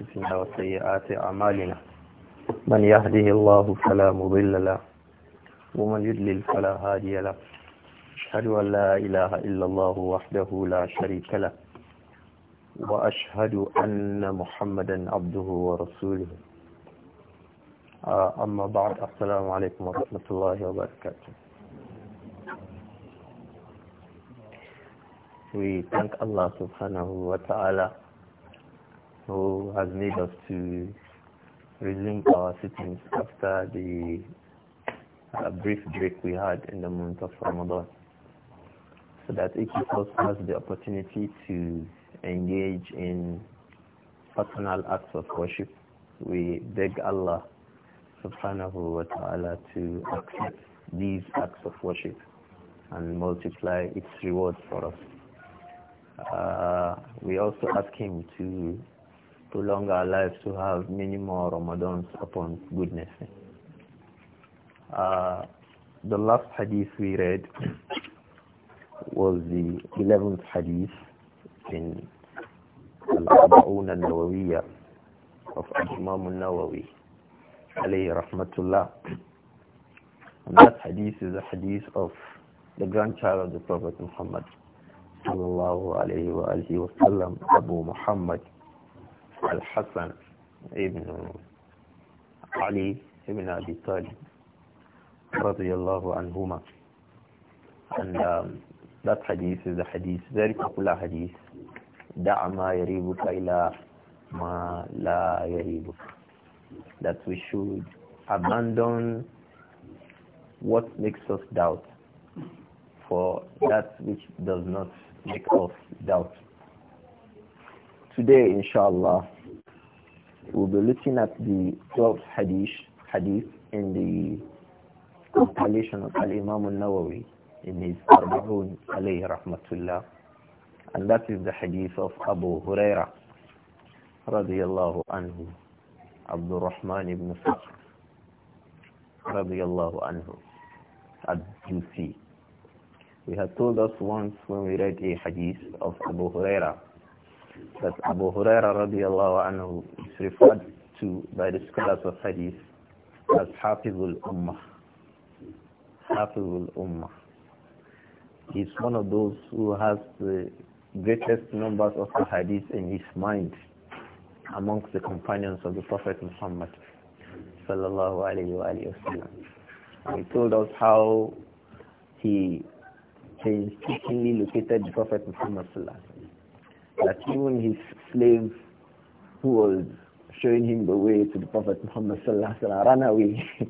أنفسنا وسيئات أعمالنا من يهده الله فلا مضل له ومن يضلل فلا هادي له أشهد أن لا إله إلا الله وحده لا شريك له وأشهد أن محمدا عبده ورسوله آه، أما بعد السلام عليكم ورحمة الله وبركاته We thank Allah subhanahu wa ta'ala who has made us to resume our sittings after the uh, brief break we had in the month of Ramadan so that each of us has the opportunity to engage in personal acts of worship. We beg Allah subhanahu wa ta'ala to accept these acts of worship and multiply its reward for us. Uh, we also ask him to prolong our lives to have many more Ramadans upon goodness. Uh, the last hadith we read was the 11th hadith in Al-Arba'un al-Nawawiyya of Imam al-Nawawi alayhi rahmatullah. And that hadith is a hadith of the grandchild of the Prophet Muhammad sallallahu alayhi wa alihi wa sallam, Abu Muhammad Al-Hassan ibn Ali ibn Abi Talib radiallahu anhuma. And um, that hadith is a hadith, very popular hadith. دع ما يريبك إلى ما لا يريبك. That we should abandon what makes us doubt for that which does not make us doubt. Today, inshallah, We'll be looking at the 12th hadith, hadith in the compilation of Al-Imam al-Nawawi in his Arba'un alayhi rahmatullah. And that is the hadith of Abu Huraira radiyallahu anhu, Abdul Rahman ibn Sakhr radiyallahu anhu, Ad-Jusi. We had told us once when we read a hadith of Abu Huraira that Abu Huraira radiallahu anhu is referred to by the scholars of hadith as Hafizul Ummah. Hafizul Ummah. He's one of those who has the greatest numbers of the hadith in his mind amongst the companions of the Prophet Muhammad sallallahu alayhi wa alayhi He told us how he painstakingly located the Prophet Muhammad that even his slave who was showing him the way to the Prophet Muhammad ran away. and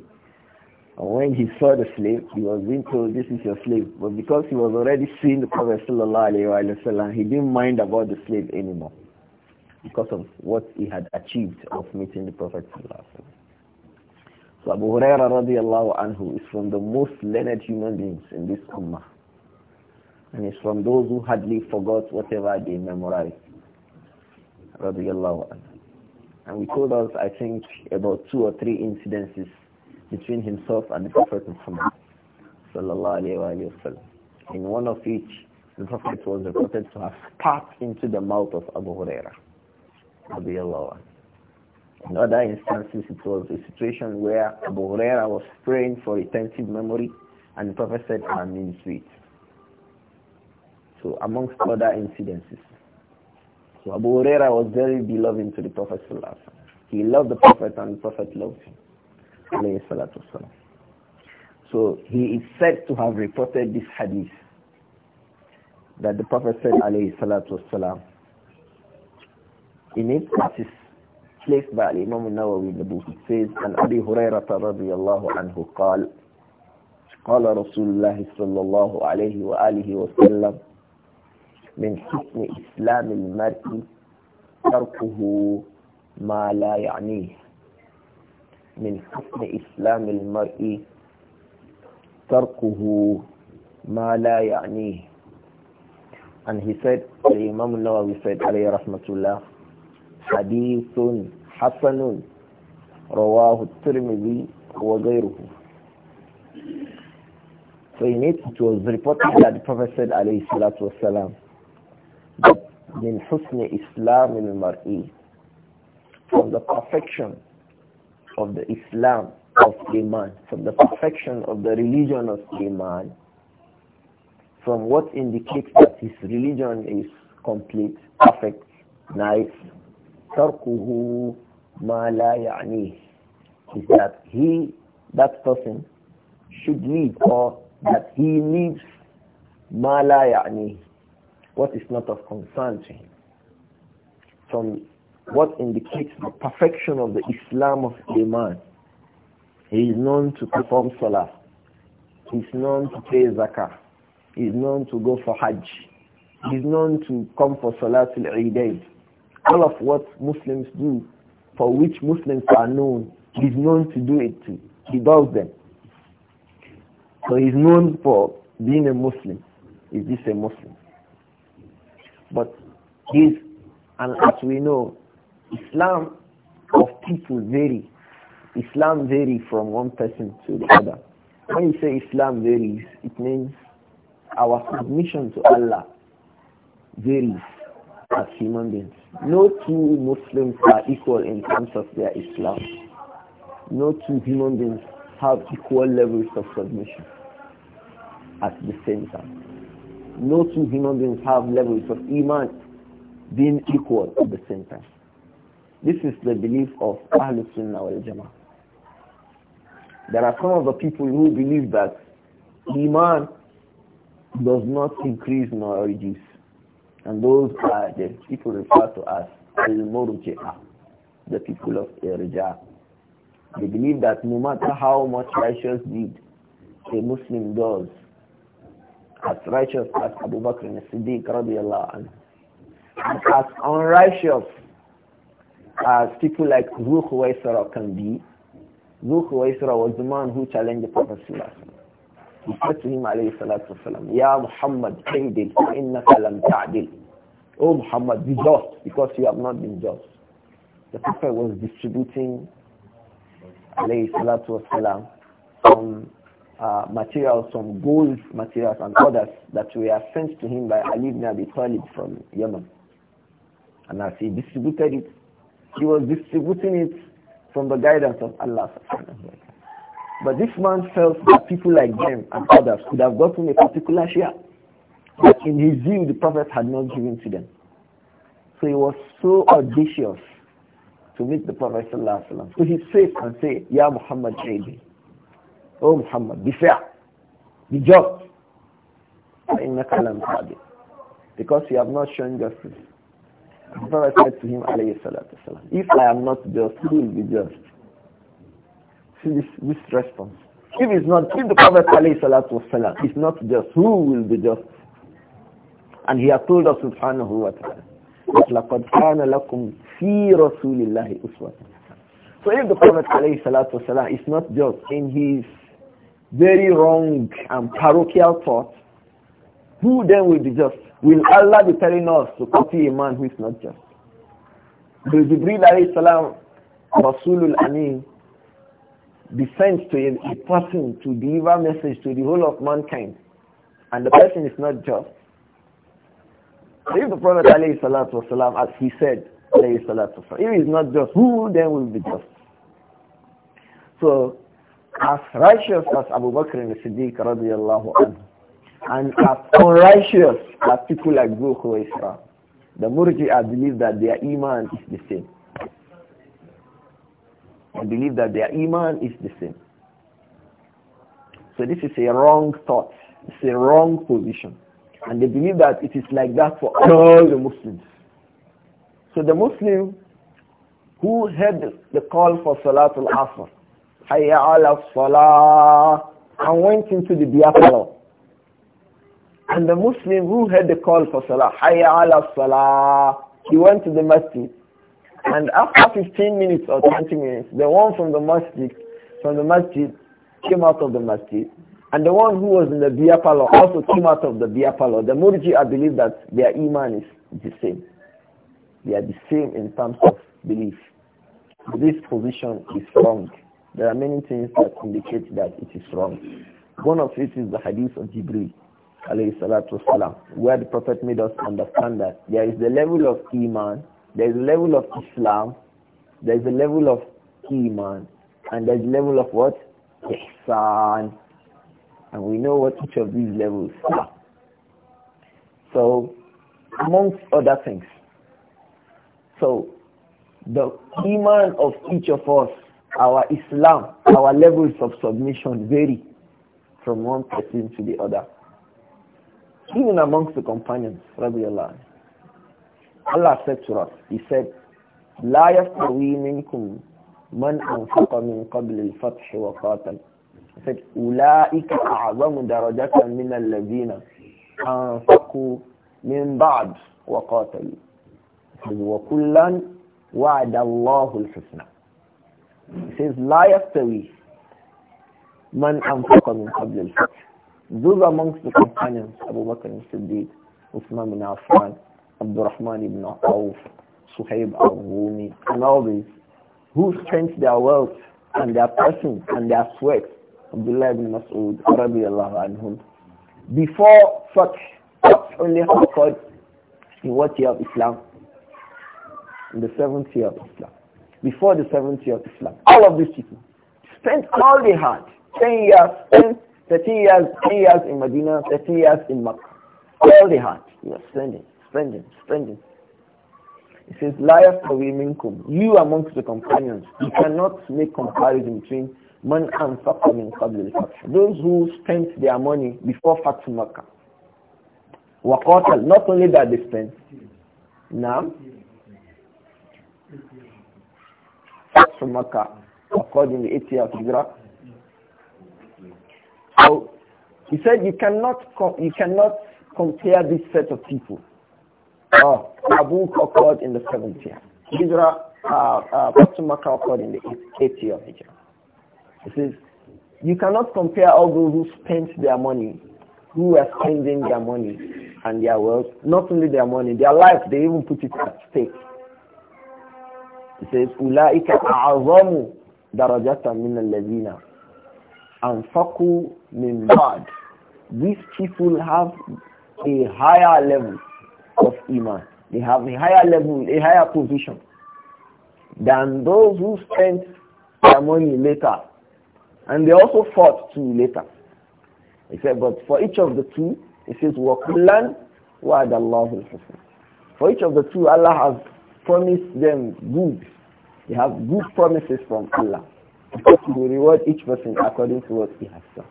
when he saw the slave, he was being told, this is your slave. But because he was already seeing the Prophet وسلم, he didn't mind about the slave anymore because of what he had achieved of meeting the Prophet So Abu Huraira radiallahu anhu is from the most learned human beings in this ummah. And it's from those who hardly forgot whatever they memorized. And we told us, I think, about two or three incidences between himself and the Prophet Muhammad. In one of each, the Prophet was reported to have spat into the mouth of Abu Huraira. In other instances, it was a situation where Abu Huraira was praying for retentive memory, and the Prophet said, I mean sweet. So amongst other incidences. So Abu Huraira was very beloved to the Prophet Sallallahu He loved the Prophet and the Prophet loved him. So he is said to have reported this hadith that the Prophet said alayhi salatu wasalam. In it, it is placed by Imam Nawawi in the book. It says, and abu Hurairah radiyallahu anhu قال قال رسول الله صلى الله عليه وآله وسلم من حسن إسلام المرء تركه ما لا يعنيه من حسن إسلام المرء تركه ما لا يعنيه and he said Imam Nawawi said عليه رحمة الله حديث حسن رواه الترمذي وغيره So in it, it was reported that the Prophet said, alayhi salatu wasalam, min husni Islam al mar'i from the perfection of the Islam of Iman, from the perfection of the religion of Iman, from what indicates that his religion is complete, perfect, nice, تركه ما لا is that he, that person, should leave or that he leaves ما لا what is not of concern to him. From what indicates the perfection of the Islam of a man. He is known to perform salah. He is known to pay zakah. He is known to go for hajj. He is known to come for salatul eidain. All of what Muslims do, for which Muslims are known, he is known to do it too. He does them. So he is known for being a Muslim. Is this a Muslim? But this, and as we know, Islam of people vary. Islam varies from one person to the other. When you say Islam varies, it means our submission to Allah varies as human beings. No two Muslims are equal in terms of their Islam. No two human beings have equal levels of submission at the same time. No two human beings have levels of iman being equal at the same time. This is the belief of Ahlul Sunnah wal Jama'ah. There are some of the people who believe that iman does not increase nor reduce. And those are the people referred to as al-murji'ah, the people of irja. They believe that no matter how much righteous deed a Muslim does, as righteous as Abu Bakr and Siddiq radiallahu anhu. And as unrighteous as people like Zuh Waisara can be, Zuh Waisara was the man who challenged the Prophet He said to him alayhi salatu wasalam, Ya Muhammad, Aidil, innaka lam ta'dil. Oh Muhammad, be just, because you have not been just. The Prophet was distributing alayhi salatu wasalam, some uh, materials, some gold materials and others that were sent to him by Ali ibn Abi Talib from Yemen. And as he distributed it, he was distributing it from the guidance of Allah. But this man felt that people like them and others could have gotten a particular share that in his view the Prophet had not given to them. So he was so audacious to meet the Prophet to his face and say, Ya Muhammad Aidi. Oh Muhammad, be fair, be just. Because you have not shown justice. The Prophet said to him, if I am not just, who will be just? See this, this response. If it's not, if the Prophet والسلام, is not just, who will be just? And he has told us wa ta'ala. لقد كان لكم في رسول الله أسوة. So if the Prophet والسلام, is not just in his very wrong and parochial thoughts, who then will be just? Will Allah be telling us to copy a man who is not just? Will Jibreel alayhi salam, Rasulul Amin, be sent to a, person to deliver message to the whole of mankind and the person is not just? If the Prophet alayhi salatu wasalam, as he said, alayhi salatu wasalam, if he is not just, who then will be just? So as righteous as Abu Bakr and Siddiq radiallahu anhu, and as unrighteous as people like Abu Khuwaisra. The Murji'a believe that their Iman is the same. They believe that their Iman is the same. So this is a wrong thought. It's a wrong position. And they believe that it is like that for all the Muslims. So the Muslim who heard the call for Salatul Asr, Hayya ala salah, and went into the beer And the Muslim who heard the call for salah, Hayya ala salah, he went to the masjid. And after 15 minutes or 20 minutes, the one from the masjid, from the masjid, came out of the masjid. And the one who was in the beer also came out of the beer The Murji, I believe that their iman is the same. They are the same in terms of belief. This position is wrong. There are many things that indicate that it is wrong. One of it is the hadith of Jibril, where the Prophet made us understand that there is the level of Iman, there is the level of Islam, there is the level of Iman, and there is the level of what? Ihsan. And we know what each of these levels are. So, amongst other things. So, the Iman of each of us our Islam, our levels of submission vary from one person to the other. Even amongst the companions, Allah, Allah said to us, He said, لا يستوي منكم من أنفق من قبل الفتح وقاتل He said, أولئك أعظم درجة من الذين أنفقوا من بعد وقاتلوا وكلا وعد الله الحسنى he says, لا يستوي من أنفق من قبل الفتح. Those amongst the companions, Abu Bakr al-Siddiq, Uthman bin Affan, Abdurrahman ibn Auf, Suhaib al-Rumi, and all these, who spent their wealth and their person and their sweat, Abdullah ibn Mas'ud, radiallahu anhum, before such, such only occurred in what year of Islam? In the seventh year of Islam before the 70 of Islam. All of these people spent all they had, 10 years, 10, 30 years, 10 years in Medina, 30 years in Makkah. All they had, they were spending, spending, spending. It says, liars for women come. You amongst the companions, you cannot make comparison between man and Faqa min qabl Those who spent their money before Fatu Makkah. Waqatal, not only that they spent, now from Makkah occurred in the 80th Hijrah. So he said you cannot you cannot compare this set of people. Uh, ah, Tabuk occurred in the 70th. Hijrah, uh, uh, Fatsu occurred in the of Hijrah. He says you cannot compare all those who spent their money, who are spending their money and their wealth, not only their money, their life, they even put it at stake it says, أُولَٰئِكَ darajat دَرَجَةً al الَّذِينَ أَنْفَقُوا مِنْ بَعْدِ These people have a higher level of iman. They have a higher level, a higher position than those who spent their money later. And they also fought too later. He said, but for each of the two, he says, وَكُلًّا وَعَدَ اللَّهُ الْحُسْنَى For each of the two, Allah has Promise them good. They have good promises from Allah. Because He will reward each person according to what he has done.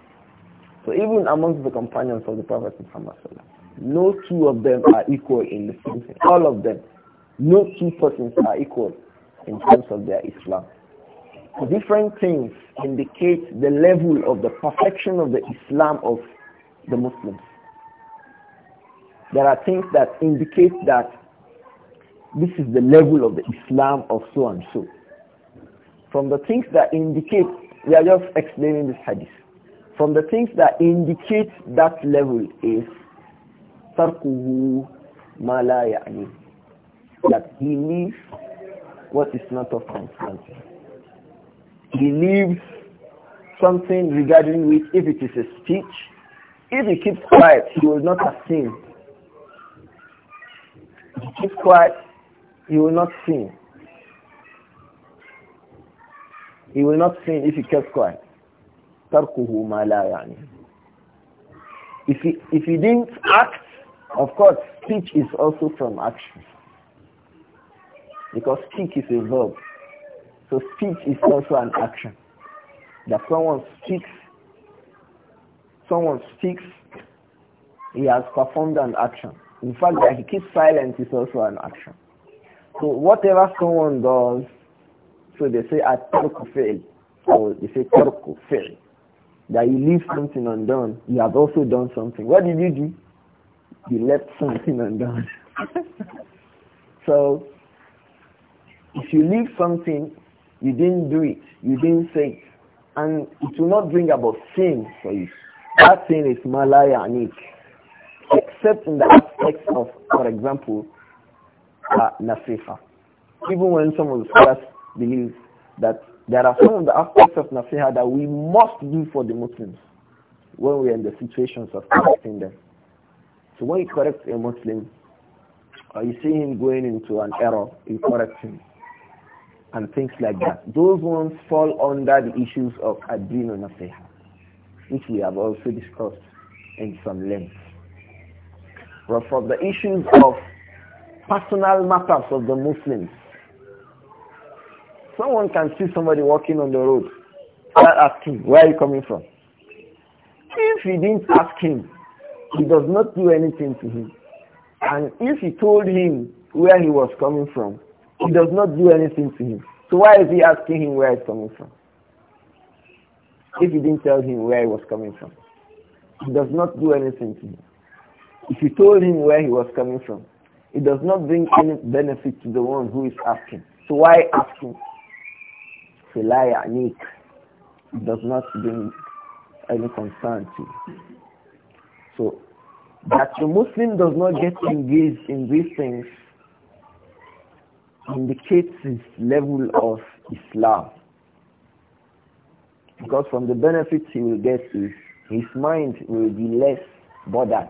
So even amongst the companions of the Prophet Muhammad no two of them are equal in the same thing. All of them. No two persons are equal in terms of their Islam. Different things indicate the level of the perfection of the Islam of the Muslims. There are things that indicate that this is the level of the Islam of so and so. From the things that indicate, we are just explaining this hadith. From the things that indicate that level is تَرْكُهُ مَا لَا يعني, That he leaves what is not of concern. He leaves something regarding which if it is a speech, if he keeps quiet, he will not have sinned. He keeps quiet, he will not sin. He will not sin if he kept quiet. تَرْكُهُ مَا لَا يعني. If he, if he didn't act, of course, speech is also from action. Because speak is a verb. So speech is also an action. That someone speaks, someone speaks, he has performed an action. In fact, that he keeps silent is also an action. So whatever someone does, so they say at-tarku fail, or they say tarku fail. that you leave something undone, you have also done something. What did you do? You left something undone. so if you leave something, you didn't do it, you didn't say it, and it will not bring about sin for you. That sin is malayanik, except in the aspects of, for example, are uh, nasiha. Even when some of the scholars believe that there are some of the aspects of nasiha that we must do for the Muslims when we are in the situations of correcting them. So when you correct a Muslim, or you see him going into an error, you correct him. And things like that. Those ones fall under the issues of adin nasiha, which we have also discussed in some length. But from the issues of personal matters of the Muslims. Someone can see somebody walking on the road, start asking, where are you coming from? If he didn't ask him, he does not do anything to him. And if he told him where he was coming from, he does not do anything to him. So why is he asking him where he's coming from? If he didn't tell him where he was coming from, he does not do anything to him. If he told him where he was coming from, it does not bring any benefit to the one who is asking. So why asking? Filaya Anik. It does not bring any concern to you. So that the Muslim does not get engaged in these things indicates his level of Islam. Because from the benefits he will get is his mind will be less bothered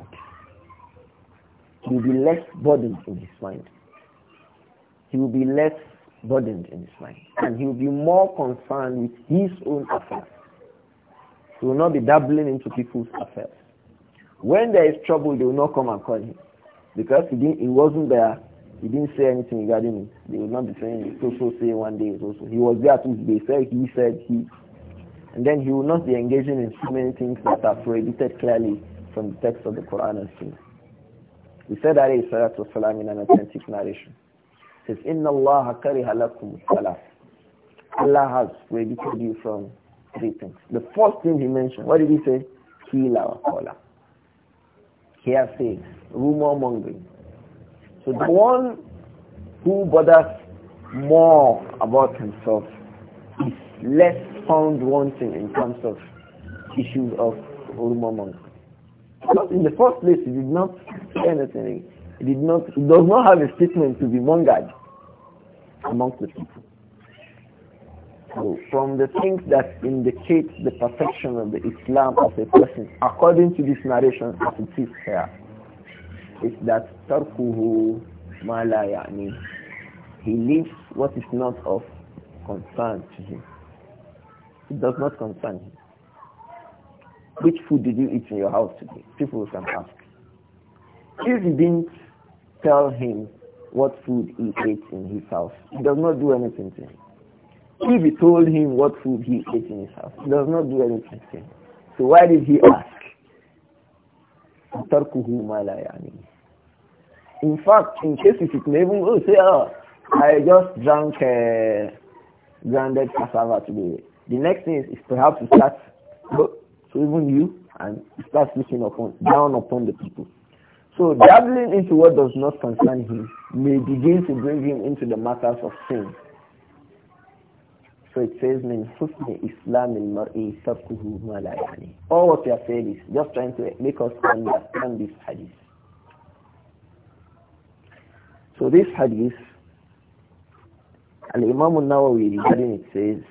he will be less burdened in his mind. He will be less burdened in his mind. And he will be more concerned with his own affairs. He will not be dabbling into people's affairs. When there is trouble, they will not come and call him. Because he, didn't, he wasn't there, he didn't say anything regarding it. They will not be saying, so so say one day so-so. He was there Tuesday, said he said he. And then he will not be engaging in so many things that are prohibited clearly from the text of the Quran and Sunnah. We said that alayhi salatu wasalam in an authentic narration. It says, Inna Allah kariha lakum Allah has prohibited you from three things. The first thing he mentioned, what did he say? Kila wa kola. Hearsay, rumor mongering. So the one who bothers more about himself is less found wanting in terms of issues of rumor mongering. Because in the first place, he did not say anything. He did not, he does not have a statement to be mongered amongst the people. So from the things that indicate the perfection of the Islam of a person, according to this narration as it is here, is that tarkuhu ma ya'ni. He leaves what is not of concern to him. It does not concern him which food did you eat in your house today? People can ask. If you didn't tell him what food he ate in his house, he does not do anything to him. If you told him what food he ate in his house, he does not do anything to him. So why did he ask? In fact, in case it may even oh, say, oh, I just drank uh, grounded cassava today. The next thing is, is perhaps to start so even you, and start looking upon, down upon the people. So dabbling into what does not concern him may begin to bring him into the matters of sin. So it says, "Min husni Islam in mari sabkuhu All what we are saying is just trying to make us understand this hadith. So this hadith, Al-Imam al-Nawawi regarding it says,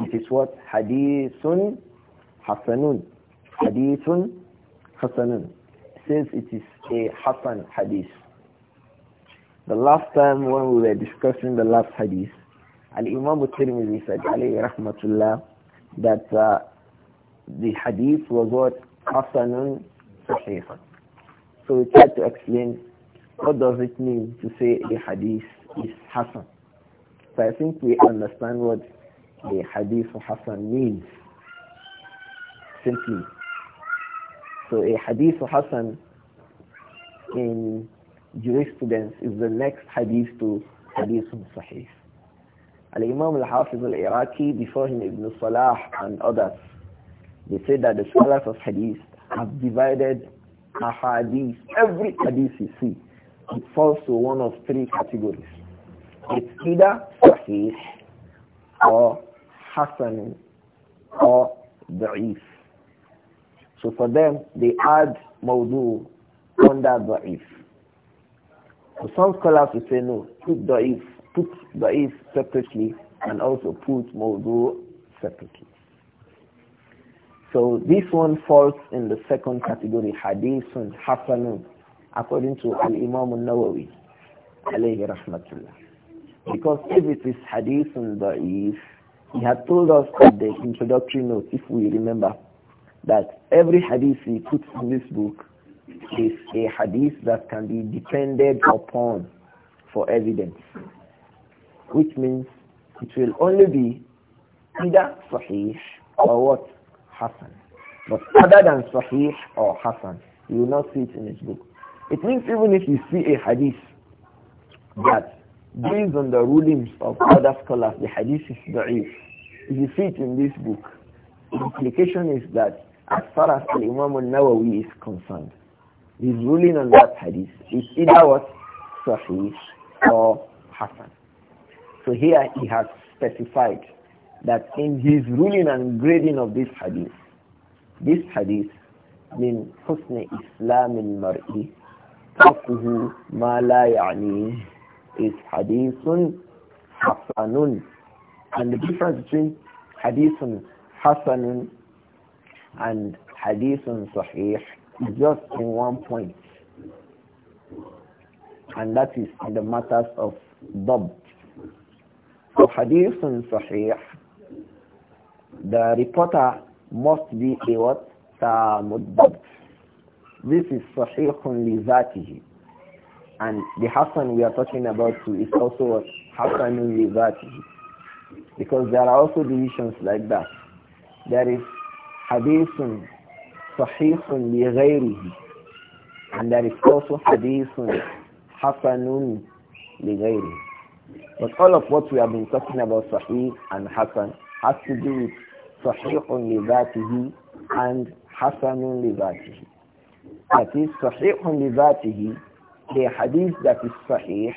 it is what? Hadithun Hasanun. Hadithun Hasanun. Since it is a Hasan hadith. The last time when we were discussing the last hadith, Al-Imam al-Tirmidhi said, alayhi rahmatullah, that uh, the hadith was what? Hasanun Sahihun. So we tried to explain what does it mean to say a hadith is Hasan. So I think we understand what the hadith Hassan means. Simply. So a hadith Hassan in jurisprudence is the next hadith to hadith Sahih. Al-Imam al-Hafiz al-Iraqi, before him Ibn Salah and others, they said that the scholars of hadith have divided a hadith. Every hadith you see, it falls to one of three categories. It's either sahih or Hafan or Da'if. So for them, they add Mawdu under Da'if. So some scholars will say no, put Da'if, put Da'if separately and also put Mawdu separately. So this one falls in the second category, Hadith and Hasanun, according to Al-Imam al-Nawawi, alayhi rahmatullah. Because if it is Hadith and Da'if, he had told us in the introductory note, if we remember, that every hadith he puts in this book is a hadith that can be depended upon for evidence, which means it will only be either sahih or what? hasan. But other than sahih or Hassan, you will not see it in his book. It means even if you see a hadith that based on the rulings of other scholars, the hadith is da'if. If you see it in this book, the implication is that as far as Imam al-Nawawi is concerned, his ruling on that hadith is either was Sahih or hasan. So here he has specified that in his ruling and grading of this hadith, this hadith means حسن إسلام المرء تركه ما لا يعنيه is hadithun hasanun. And the difference between hadithun hasanun and hadithun sahih is just in one point. And that is in the matters of doubt. So hadithun sahih, the reporter must be a what? Tamud This is sahihun li zatihi. And the Hassan we are talking about too is also Hassan that, Because there are also divisions like that. There is Hadithun Sahihun li And there is also Hadithun Hasanun li But all of what we have been talking about Sahih and Hasan has to do with Sahihun that he and only that he. That is Sahihun that he. The hadith that is sahih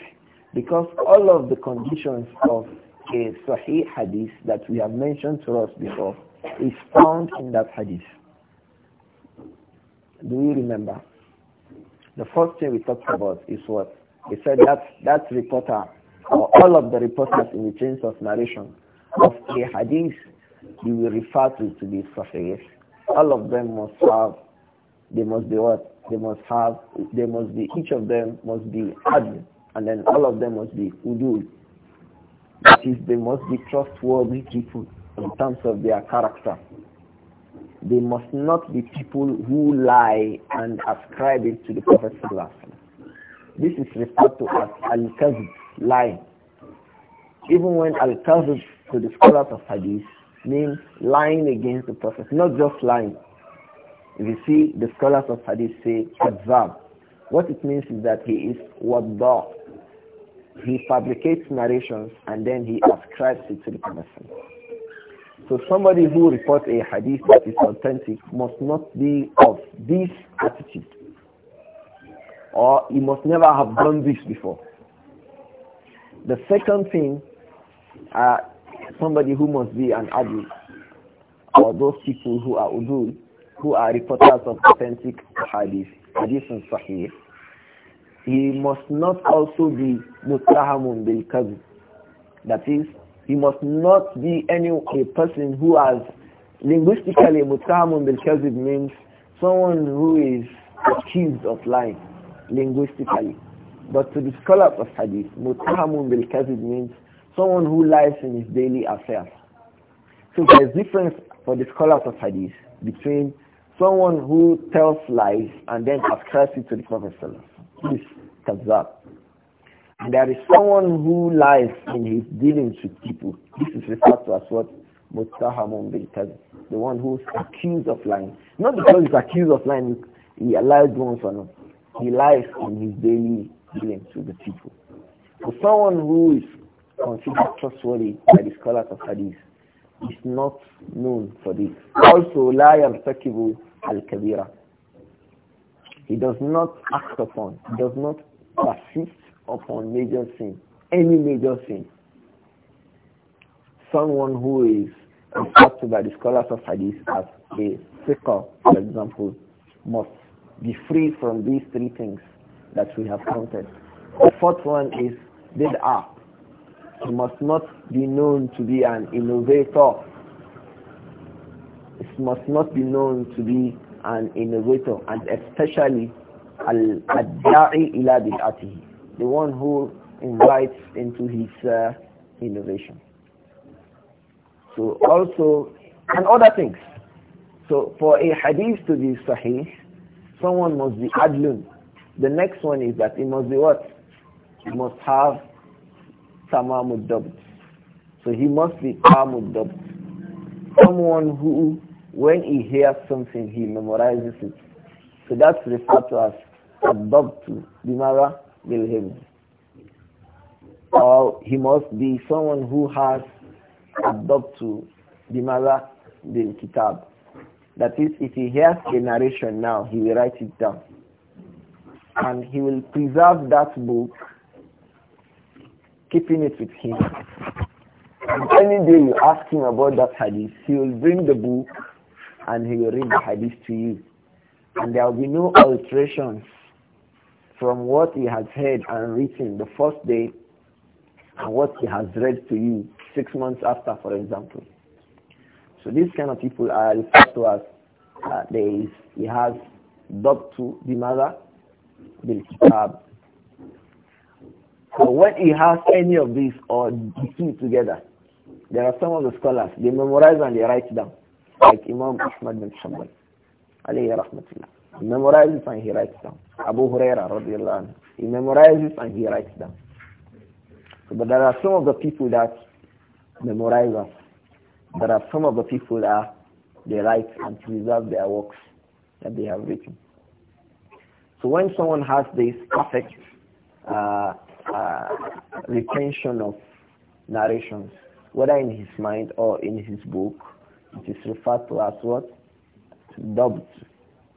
because all of the conditions of a sahih hadith that we have mentioned to us before is found in that hadith. Do you remember? The first thing we talked about is what? He said that that reporter or all of the reporters in the chains of narration of a hadith you will refer to to be sahih. All of them must have they must be what? They must have, they must be, each of them must be adl, and then all of them must be udul. That is, they must be trustworthy people in terms of their character. They must not be people who lie and ascribe it to the Prophet This is referred to as al-kazib, lying. Even when al-kazib to the scholars of hadith means lying against the Prophet, not just lying, if you see, the scholars of hadith say kadzab. What it means is that he is wadda. He fabricates narrations and then he ascribes it to the person. So somebody who reports a hadith that is authentic must not be of this attitude. Or he must never have done this before. The second thing, uh, somebody who must be an adult, or those people who are udul, who are reporters of authentic hadith, hadith and sahih, he must not also be mutahamun bil kazi. That is, he must not be any a person who has linguistically mutahamun bil kazi means someone who is accused of lying linguistically. But to the scholars of hadith, mutahamun bil kazi means someone who lies in his daily affairs. So there is difference for the scholars of hadith between Someone who tells lies and then ascribes it to the Prophet is Kazab. And there is someone who lies in his dealings with people. This is referred to as what? Muttahamun bil The one who is accused of lying. Not because he's accused of lying, he lies once or not. He lies in his daily dealings with the people. So someone who is considered trustworthy by the scholars of hadith is not known for this. Also, and yartakibu al-kabira. He does not act upon, he does not persist upon major sin, any major sin. Someone who is referred to by the scholars of hadith as a fiqh, for example, must be free from these three things that we have counted. The fourth one is bid'ah. He must not be known to be an innovator it must not be known to be an innovator and especially al-da'i the one who invites into his uh, innovation so also and other things so for a hadith to be sahih someone must be adlun the next one is that it must be what he must have tamamud so he must be tamamud someone who when he hears something, he memorizes it. So that's referred to as adoptu bimara bilhim. Or he must be someone who has adoptu bimara bil kitab. That is, if he hears a narration now, he will write it down. And he will preserve that book, keeping it with him. And any day you ask him about that hadith, he will bring the book and he will read the hadith to you. And there will be no alterations from what he has heard and written the first day and what he has read to you six months after, for example. So these kind of people are referred to as uh, there is, he has the mother the Kitab. So when he has any of these or the two together, there are some of the scholars, they memorize and they write down like Imam Ahmad bin Hanbal. Alayhi rahmatullah. He memorizes and he writes down. Abu Huraira radiallahu anhu. He memorizes and he writes down. So, but there are some of the people that memorize us. There are some of the people that they write and preserve their works that they have written. So when someone has this perfect uh, uh, retention of narrations, whether in his mind or in his book, it is referred to as what? Dubt.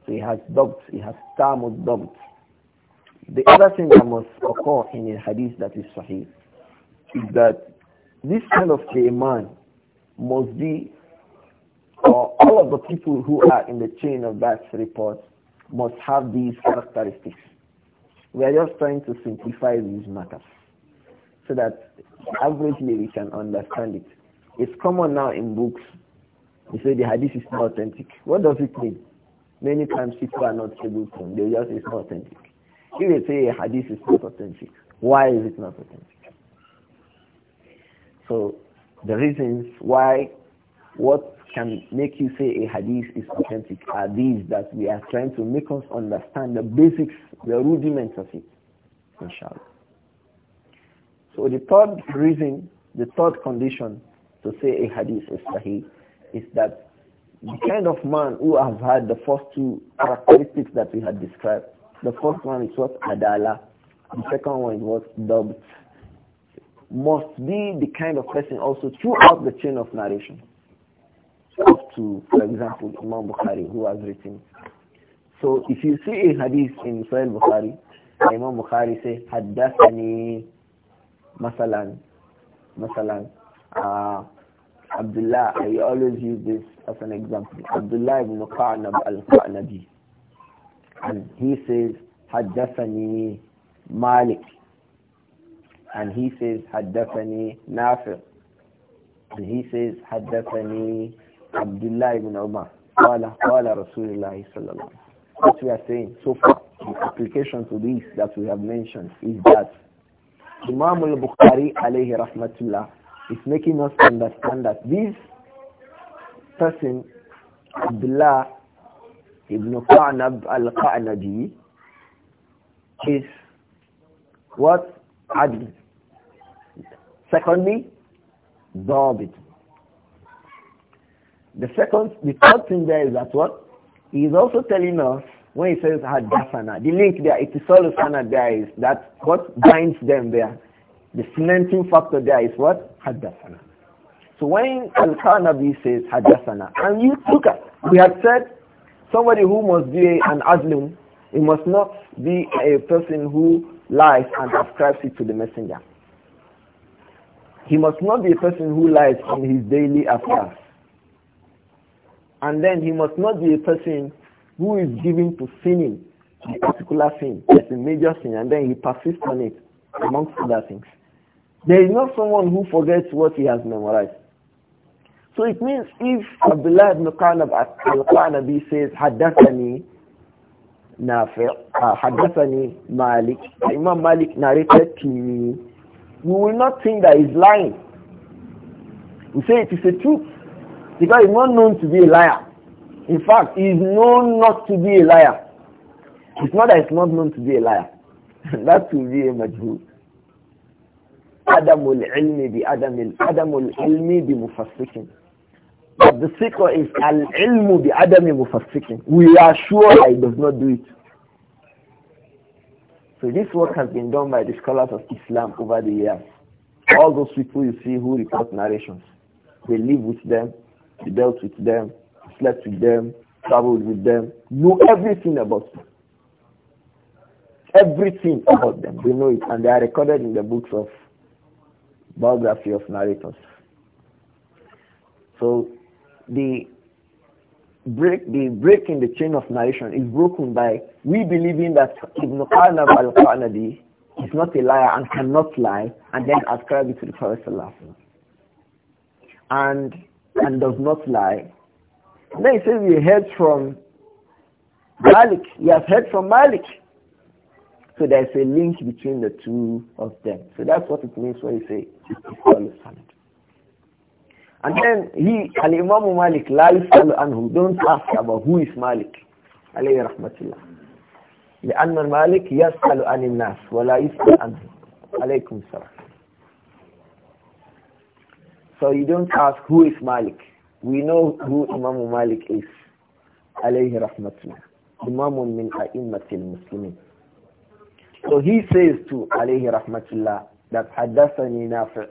So he has dubt, he has tamud dubt. The other thing that must occur in a hadith that is sahih is that this kind of a man must be, or all of the people who are in the chain of that report must have these characteristics. We are just trying to simplify these matters so that averagely we can understand it. It's common now in books he say the hadith is not authentic. What does it mean? Many times people are not able to. They just say it's not authentic. If they say a hadith is not authentic, why is it not authentic? So the reasons why what can make you say a hadith is authentic are these that we are trying to make us understand the basics, the rudiments of it, inshallah. So the third reason, the third condition to say a hadith is sahih is that the kind of man who has had the first two characteristics that we had described. The first one is what adala. The second one is what dubt. Must be the kind of person also throughout the chain of narration. Up to, for example, Imam Bukhari, who has written. So if you see a hadith in Sahih Bukhari, Imam Bukhari say, hadassani, Masalan, Masalan, uh, Abdullah, I always use this as an example. Abdullah ibn Qa'nab al-Qa'nabi. And he says, Haddathani Malik. And he says, Haddathani Nafir, And he says, Haddathani Abdullah ibn Umar. Qala, Qala Rasulullah sallallahu What we are saying so far, the application to this that we have mentioned is that Imam al-Bukhari alayhi rahmatullah is making us understand that this person, Abdullah ibn Qanab al-Qanabi, is what? Adil. Secondly, Dabit. The second, the third thing there is that what? He is also telling us when he says Hadasana, the link there, it is all there is that what binds them there. The cementing factor there is what? Haddathana. So when Al-Kanabi says Haddathana, and you look at, we had said somebody who must be an Adlum, he must not be a person who lies and ascribes it to the messenger. He must not be a person who lies on his daily affairs. And then he must not be a person who is given to sinning, a particular sin. It's a major sin, and then he persists on it amongst other things. There is not someone who forgets what he has memorized. So it means if Abdullah ibn Qanab al-Qanabi says, Haddathani Nafi' uh, Haddathani Malik, Imam Malik narrated to me, you will not think that he's lying. We say it is a truth because he's not known to be a liar. In fact, he is known not to be a liar. It's not that he's not known to be a liar. that will be a majhul. Adamul ilmi bi adamil, adamul ilmi bi mufassikin. But the secret is al ilmu bi adami mufassikin. We are sure that he does not do it. So this work has been done by the scholars of Islam over the years. All those people you see who report narrations, they live with them, they dealt with them, slept with them, traveled with them, know everything about them. Everything about them, they know it, and they are recorded in the books of biography of narrators. So the break the break in the chain of narration is broken by we believing that Ibn Qarnab al-Qarnabi is not a liar and cannot lie and then ascribe it to the Prophet and and does not lie. And then he says we heard from Malik. He has heard from Malik. So there's a link between the two of them. So that's what it means when you say and then he, Al-Imam Malik, la yusalu anhu, don't ask about who is Malik, alayhi rahmatullah. لأن المالك يسأل عن الناس ولا يسأل عنه عليكم السلام So you don't ask who is Malik. We know who Imam Malik is. Alayhi rahmatullah. الله. Min من Muslimin. So he says to alayhi rahmatullah that in Nafi'.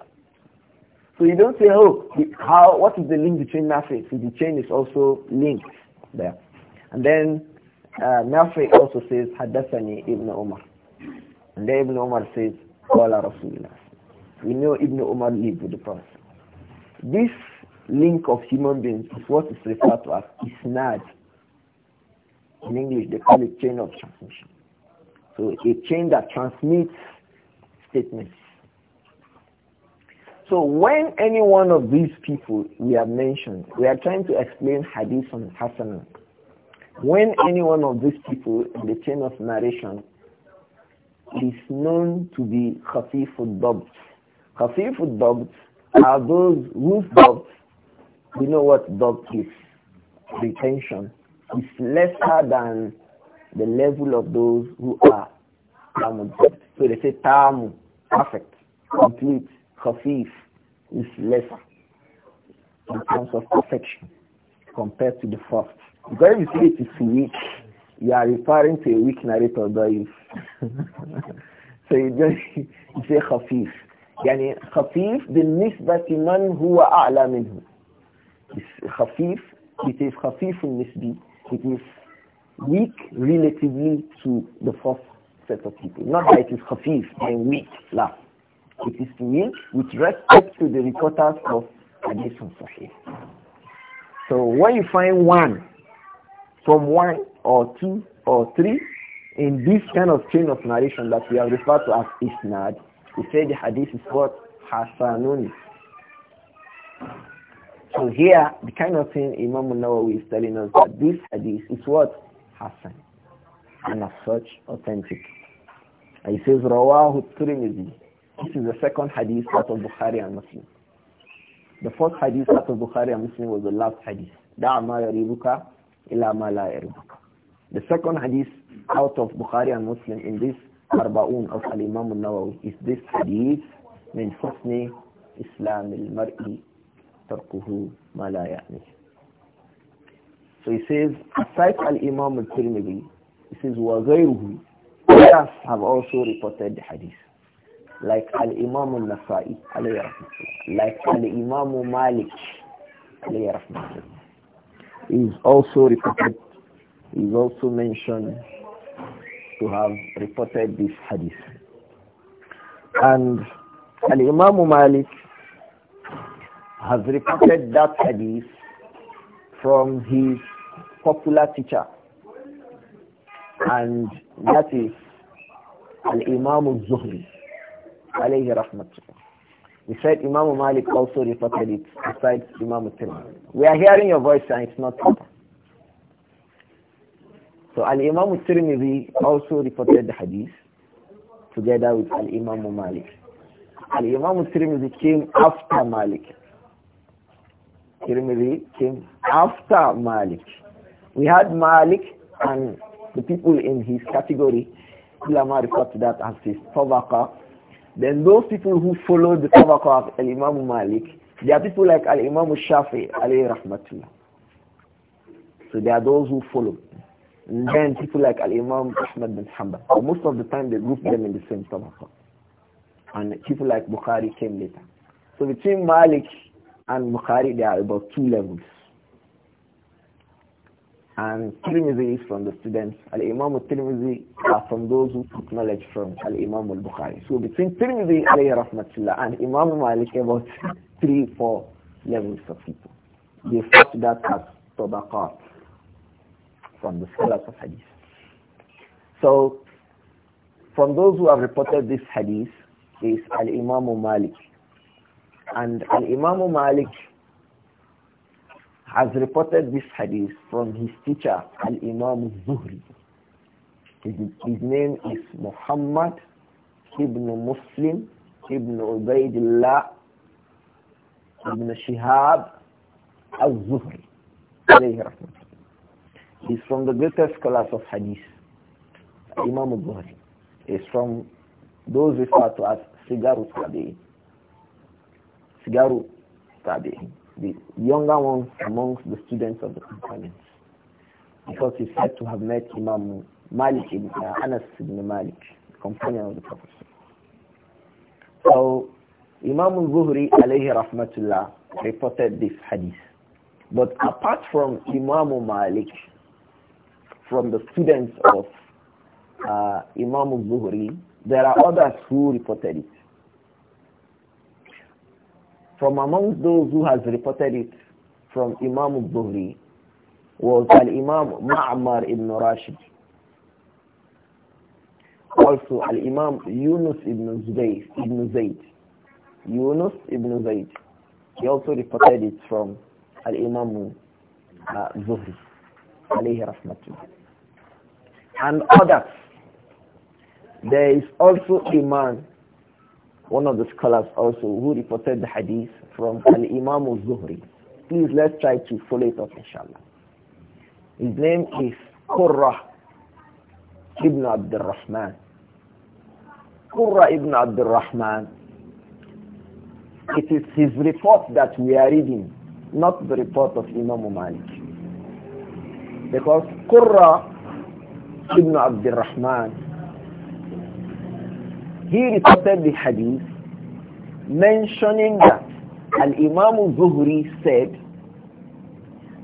So you don't say, oh, how, what is the link between Nafi? So the chain is also linked there. And then uh, Nafi also says, hadassani Ibn Umar. And then Ibn Umar says, Qala Rasulullah. We know Ibn Umar lived with the Prophet. This link of human beings is what is referred to as isnad. In English, they call it chain of transmission. So a chain that transmits statements. So when any one of these people we have mentioned, we are trying to explain hadith on Hassan. When any one of these people in the chain of narration is known to be khafifud dabt. Khafifud dabt are those whose dabt, we know what dabt is, retention, is lesser than the level of those who are tamud. So they say tamu, perfect, complete, khafif is lesser in terms of perfection compared to the first. Because you say it is weak, you are referring to a weak narrator, Daif. so you just you say khafif. يعني خفيف the لمن هو أعلى منه. خفيف, it is خفيف النسبي. It is weak relatively to the first set of people. Not that it is khafif and weak, لا it is me with respect to the reporters of Hadith Sahih. So when you find one from one or two or three in this kind of chain of narration that we have referred to as isnad, we say the hadith is what hasanun. So here, the kind of thing Imam Nawawi is telling us that this hadith is what hasan and as such authentic. And he says rawahu Tirmidhi this is the second hadith out of Bukhari and Muslim. The first hadith out of Bukhari and Muslim was the last hadith. Da'ama yaribuka ila ma la yaribuka. The second hadith out of Bukhari and Muslim in this Arbaun of Al-Imam al-Nawawi is this hadith من حسن إسلام المرء تركه ما لا يأنيه So he says, aside Al-Imam al-Tirmidhi, he says, وَغَيْرُهُ Others have also reported the hadith like Al-Imam al-Nasai, like Al-Imam Malik, is also reported, is also mentioned to have reported this hadith. And Al-Imam Malik has reported that hadith from his popular teacher and that is Al-Imam al-Zuhri alayhi rahmatullah. We said Imam Malik also reported it besides Imam Tirmidhi. We are hearing your voice and it's not proper. So Al-Imam Tirmidhi also reported the hadith together with Al-Imam Malik. Al-Imam Tirmidhi came after Malik. Tirmidhi came after Malik. We had Malik and the people in his category. Ulama referred to that as his tabaqa then those people who followed the tabaqah of Al-Imam Malik, they are people like Al-Imam Shafi, alayhi rahmatullah. So they are those who follow. And then people like Al-Imam Ahmad bin Hanbal. Most of the time they group them in the same tabaqah. And people like Bukhari came later. So between Malik and Bukhari, there are about two levels and Tirmidhi from the students. Al-Imam al-Tirmidhi are from those who took knowledge from Al-Imam al-Bukhari. So between Tirmidhi of rahmatullah and Imam Malik about three, four levels of people. They fought that as tabaqat from the scholars of hadith. So from those who have reported this hadith is Al-Imam Malik. And Al-Imam Malik has reported this hadith from his teacher, Al-Imam Zuhri. His, his name is Muhammad ibn Muslim ibn Ubaidullah ibn Shihab al-Zuhri. He's from the greatest scholars of hadith. Imam al-Zuhri is from those referred to as Sigaru Tabi'in. Sigaru Tabi'in the younger ones amongst the students of the companions. Because he said to have met Imam Malik in uh, Anas ibn Malik, companion of the Prophet. So Imam al-Zuhri alayhi rahmatullah reported this hadith. But apart from Imam Malik, from the students of uh, Imam zuhri there are others who reported it. From among those who has reported it from Imam al-Zuhri was Al-Imam Ma'mar ibn Rashid. Also Al-Imam Yunus ibn Zayd, ibn Zayd. Yunus ibn Zayd. He also reported it from Al-Imam Zohri, uh, Zuhri. Alayhi rahmatullah. And others. There is also a man one of the scholars also who reported the hadith from Al-Imam al-Zuhri. Please let's try to follow it up inshallah. His name is Kura ibn Abdul Rahman. Qurra ibn Abdul Rahman. It is his report that we are reading, not the report of Imam Malik. Because Qurra ibn Abdul Rahman he reported the hadith mentioning that Al-Imam Zuhri said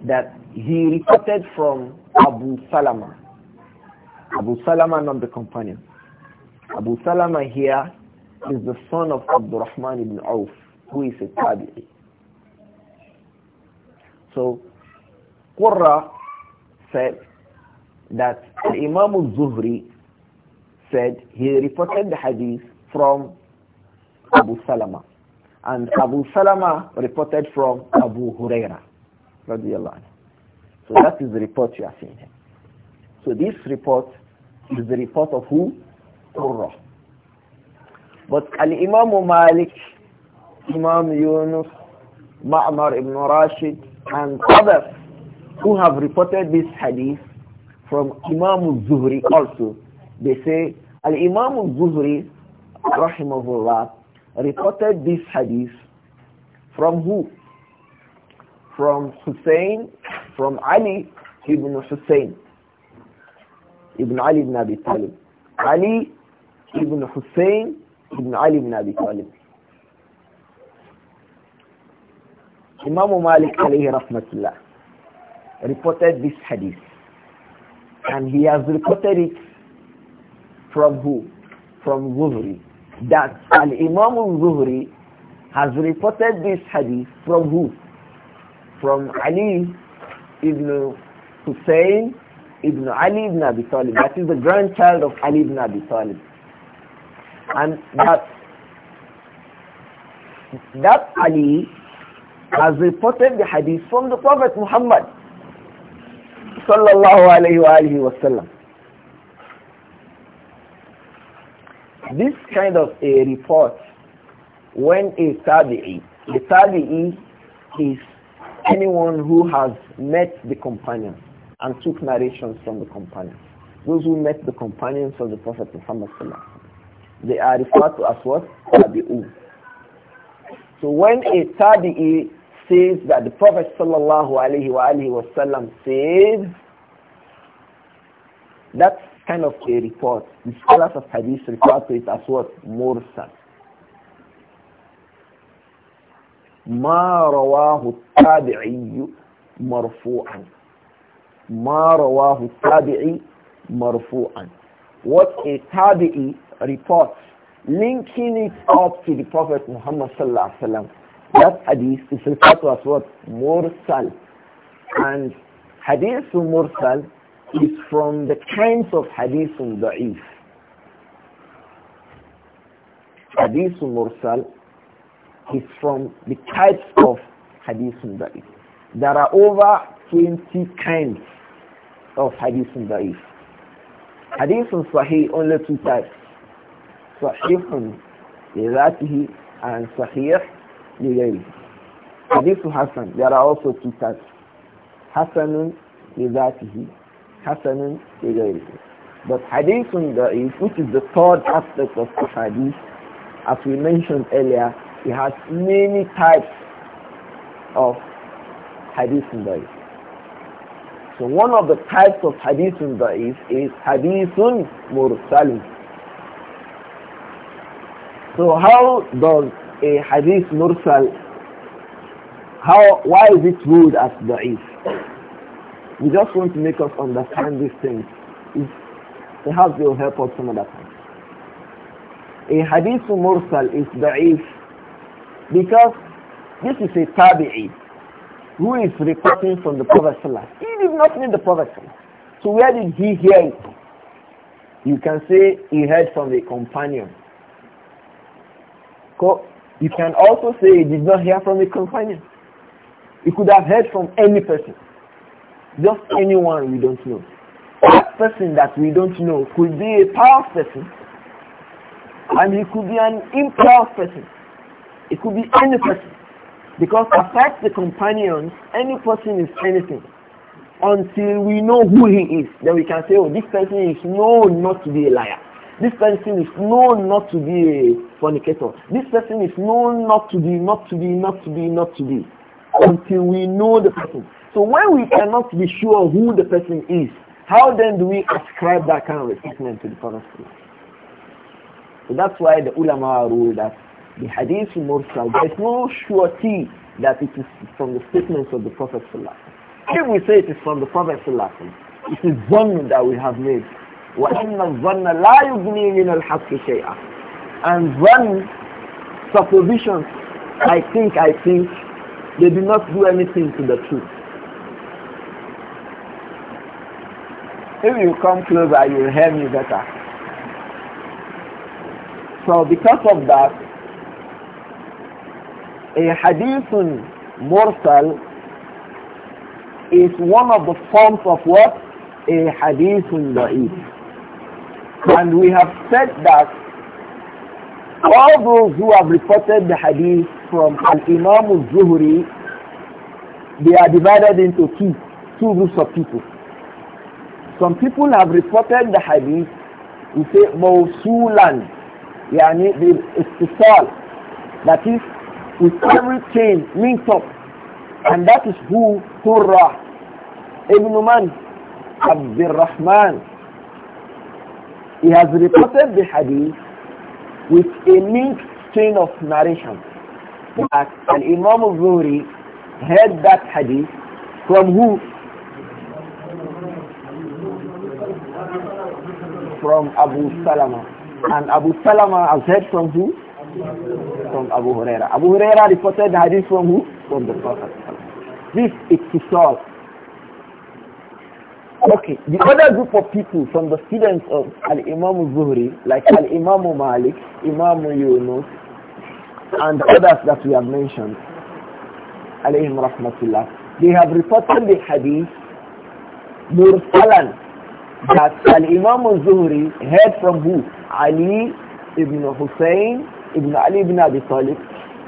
that he reported from Abu Salama. Abu Salama not the companion. Abu Salama here is the son of Abdurrahman ibn Auf, who is a tabi'i. So, Qurra said that Imam al-Zuhri said he reported the hadith from Abu Salama. And Abu Salama reported from Abu Huraira. So that is the report you are seeing here. So this report is the report of who? Qurra. But Al-Imam Malik, Imam Yunus, Ma'mar ibn Rashid, and others who have reported this hadith from Imam Zuhri also, they say, Al-Imam al-Zuhri, rahimahullah, reported this hadith from who? From Hussein, from Ali ibn Hussein, ibn Ali ibn Abi Talib. Ali ibn Hussein ibn Ali ibn Abi Talib. Imam Malik alayhi rahmatullah reported this hadith and he has reported it from who? From Zuhri. That Al-Imam Zuhri has reported this hadith from who? From Ali ibn Hussein ibn Ali ibn Abi Talib. That is the grandchild of Ali ibn Abi Talib. And that, that Ali has reported the hadith from the Prophet Muhammad sallallahu alayhi wa this kind of a report, when a tabi'i, a tabi'i is anyone who has met the companion and took narrations from the companions. Those who met the companions of the Prophet Muhammad they are referred to as what? Tabi'u. So when a tabi'i says that the Prophet sallallahu alaihi wasallam said, that kind of a report. The scholars of hadith refer to it as what? Mursal. ما رواه التابعي مرفوعا ما رواه التابعي مرفوعا what a tabi'i reports linking it up to the prophet Muhammad sallallahu alaihi wasallam that hadith is referred to as what mursal and hadith mursal is from the kinds of hadithun da'if. Hadithun mursal is from the types of hadithun da'if. There are over 20 kinds of hadithun da'if. Hadithun sahih, only two types. Sahihun لذاته and sahih لغيره. Hadithun hasan, there are also two types. Hasanun لذاته حسن لغيره but hadith is which is the third aspect of hadith as we mentioned earlier it has many types of hadith da'if so one of the types of hadith da'if is hadith mursal so how does a hadith mursal how why is it ruled as da'if we just want to make us understand these things. It's, perhaps they will help us some other time. A hadith mursal is da'if because this is a tabi'i who is reporting from the Prophet He did not meet the Prophet So where did he hear it? You can say he heard from a companion. You can also say he did not hear from a companion. He could have heard from any person. Just anyone we don't know. That person that we don't know could be a powerful person and he could be an imperfect person. It could be any person. Because aside the companions, any person is anything. Until we know who he is, then we can say, oh, this person is known not to be a liar. This person is known not to be a fornicator. This person is known not to be, not to be, not to be, not to be. Until we know the person. So when we cannot be sure who the person is, how then do we ascribe that kind of statement to the Prophet? So that's why the ulama rule that the hadith mursal, there is no surety that it is from the statements of the Prophet If we say it is from the Prophet it is one that we have made. وَإِنَّ الظَّنَّ لَا يُغْنِي مِنَ الْحَقِّ And one suppositions. I think, I think, they do not do anything to the truth. If you come closer, you will hear me better. So because of that, a hadith mursal is one of the forms of what? A hadith da'if. And we have said that all those who have reported the hadith from Al-Imam al-Zuhri, they are divided into two, two groups of people. Some people have reported the hadith, we say mawsulan, yani the istisal, that is with every chain linked up. And that is who Hurra Ibn Man Abdul Rahman. He has reported the hadith with a linked chain of narration. That Imam al Zuhri heard that hadith from who? from Abu Salama. And Abu Salama has heard from who? From Abu Huraira. Abu Huraira reported the hadith from who? From the Prophet. This is to solve. Okay, the other group of people from the students of Al-Imam Zuhri, like Al-Imam Malik, Imam Yunus, and others that we have mentioned, alayhim rahmatullah, they have reported the hadith mursalan that Al-Imam zuhri heard from who? Ali ibn Hussein ibn Ali ibn Abi Talib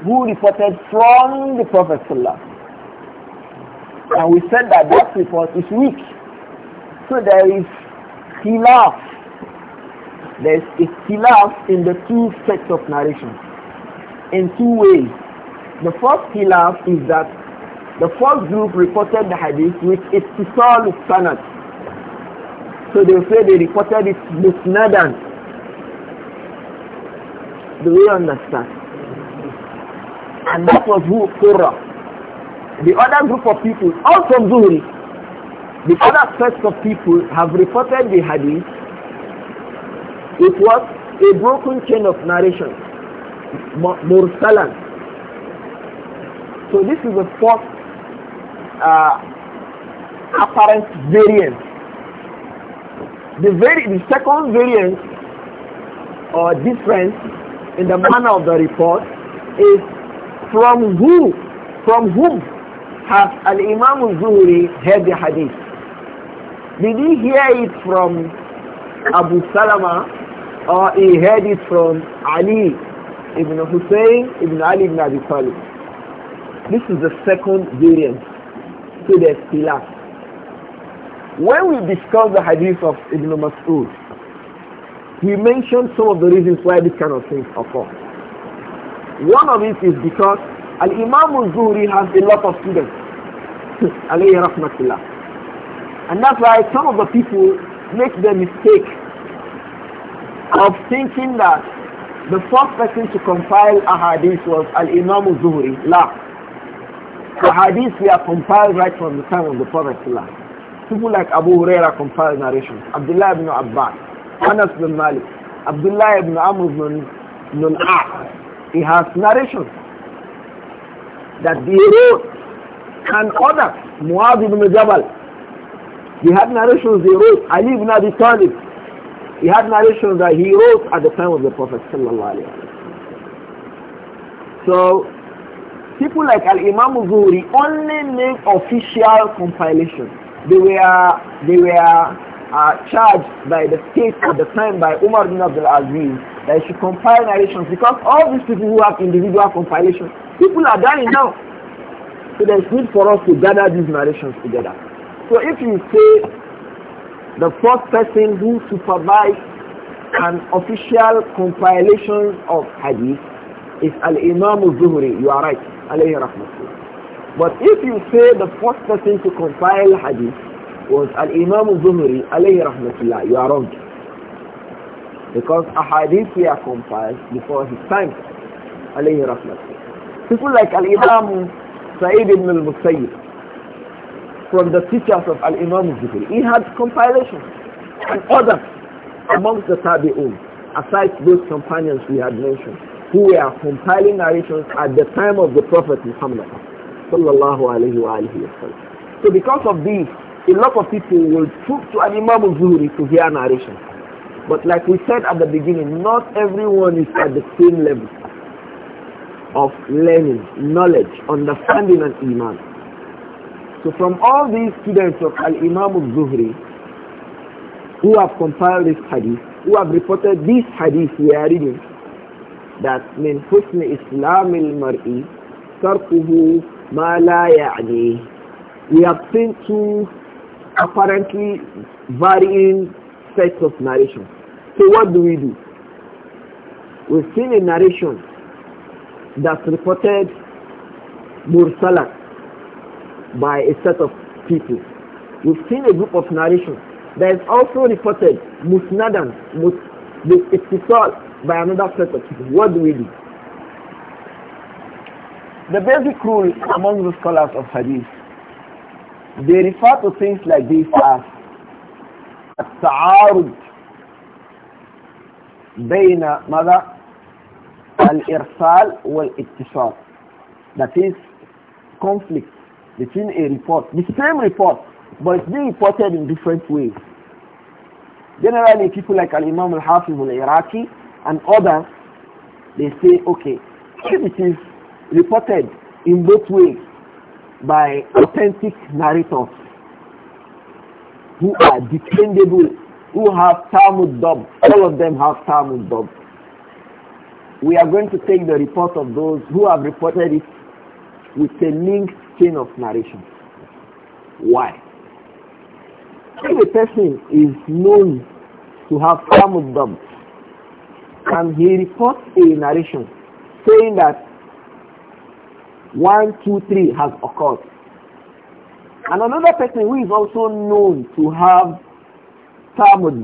who reported from the Prophet and we said that that report is weak. So there is khilaf. There is a khilaf in the two sets of narration in two ways. The first khilaf is that the first group reported the hadith with its sanad so they will say they reported it musnadan. Do we understand? And that was who? Qurra. The other group of people, all from Zuhri, the other sets of people have reported the hadith. It was a broken chain of narration. Mursalan. So this is the fourth uh, apparent variant the, very, the second variant or difference in the manner of the report is from who, from whom has Al-Imam Zuhri heard the hadith? Did he hear it from Abu Salama or he heard it from Ali ibn Hussein ibn Ali ibn Abi Talib? This is the second variant to the last. When we discussed the hadith of Ibn Mas'ud, he mentioned some of the reasons why this kind of things occur. One of it is because Al-Imam al-Zuhri has a lot of students, alayhi rahmatullah. And that's why some of the people make the mistake of thinking that the first person to compile a hadith was Al-Imam al-Zuhri. La. The hadiths were compiled right from the time of the Prophet people like Abu Huraira compile narration, Abdullah ibn Abbas, Anas bin Malik, Abdullah ibn Amr ibn, ibn al He has narration that he wrote and other Muad ibn Jabal, he had narrations he wrote, Ali ibn Abi Talib, he had narrations that he wrote at the time of the Prophet sallallahu So, people like Al-Imam Zuhri only make official compilations. They were, they were uh, charged by the state at the time by Umar bin Abdul Aziz that he should compile narrations because all these people who have individual compilations, people are dying now. So there's need for us to gather these narrations together. So if you say the first person who supervised an official compilation of hadith is Al-Imam al-Zuhri, you are right, alayhi rahmatullah. But if you say the first person to compile hadith was Al-Imam al-Zuhri, alayhi rahmatullah, you are wrong. Because hadith were compiled before his time, alayhi rahmatullah. People like Al-Imam Sa'id ibn al-Musayyib, from the teachers of Al-Imam al-Zuhri, he had compilations and others amongst the Tabi'un, aside those companions we had mentioned, who were compiling narrations at the time of the Prophet Muhammad sallallahu alayhi wa alayhi wa So because of this, a lot of people will troop to an Imam Zuhri to hear narration. But like we said at the beginning, not everyone is at the same level of learning, knowledge, understanding and Iman. So from all these students of Al-Imam Zuhri who have compiled this hadith, who have reported this hadith we are reading, that من حسن إسلام Mar'i تركه ma ya'ni. We have seen two apparently varying sets of narration. So what do we do? We've seen a narration that's reported mursalat by a set of people. We've seen a group of narrations that is also reported musnadan, mus, with ittisal by another set of people. What do we do? The basic rule among the scholars of hadith, they refer to things like this as التعارض بين ماذا الإرسال والاتصال that is conflict between a report the same report but it's being reported in different ways generally people like al-imam al-hafiz al-iraqi and others they say okay if it is reported in both ways by authentic narrators who are dependable, who have Talmud Dub. All of them have Talmud Dub. We are going to take the report of those who have reported it with a linked chain of narration. Why? If a person is known to have Talmud Dub and he reports a narration saying that one, two, three has occurred. And another person who is also known to have Talmud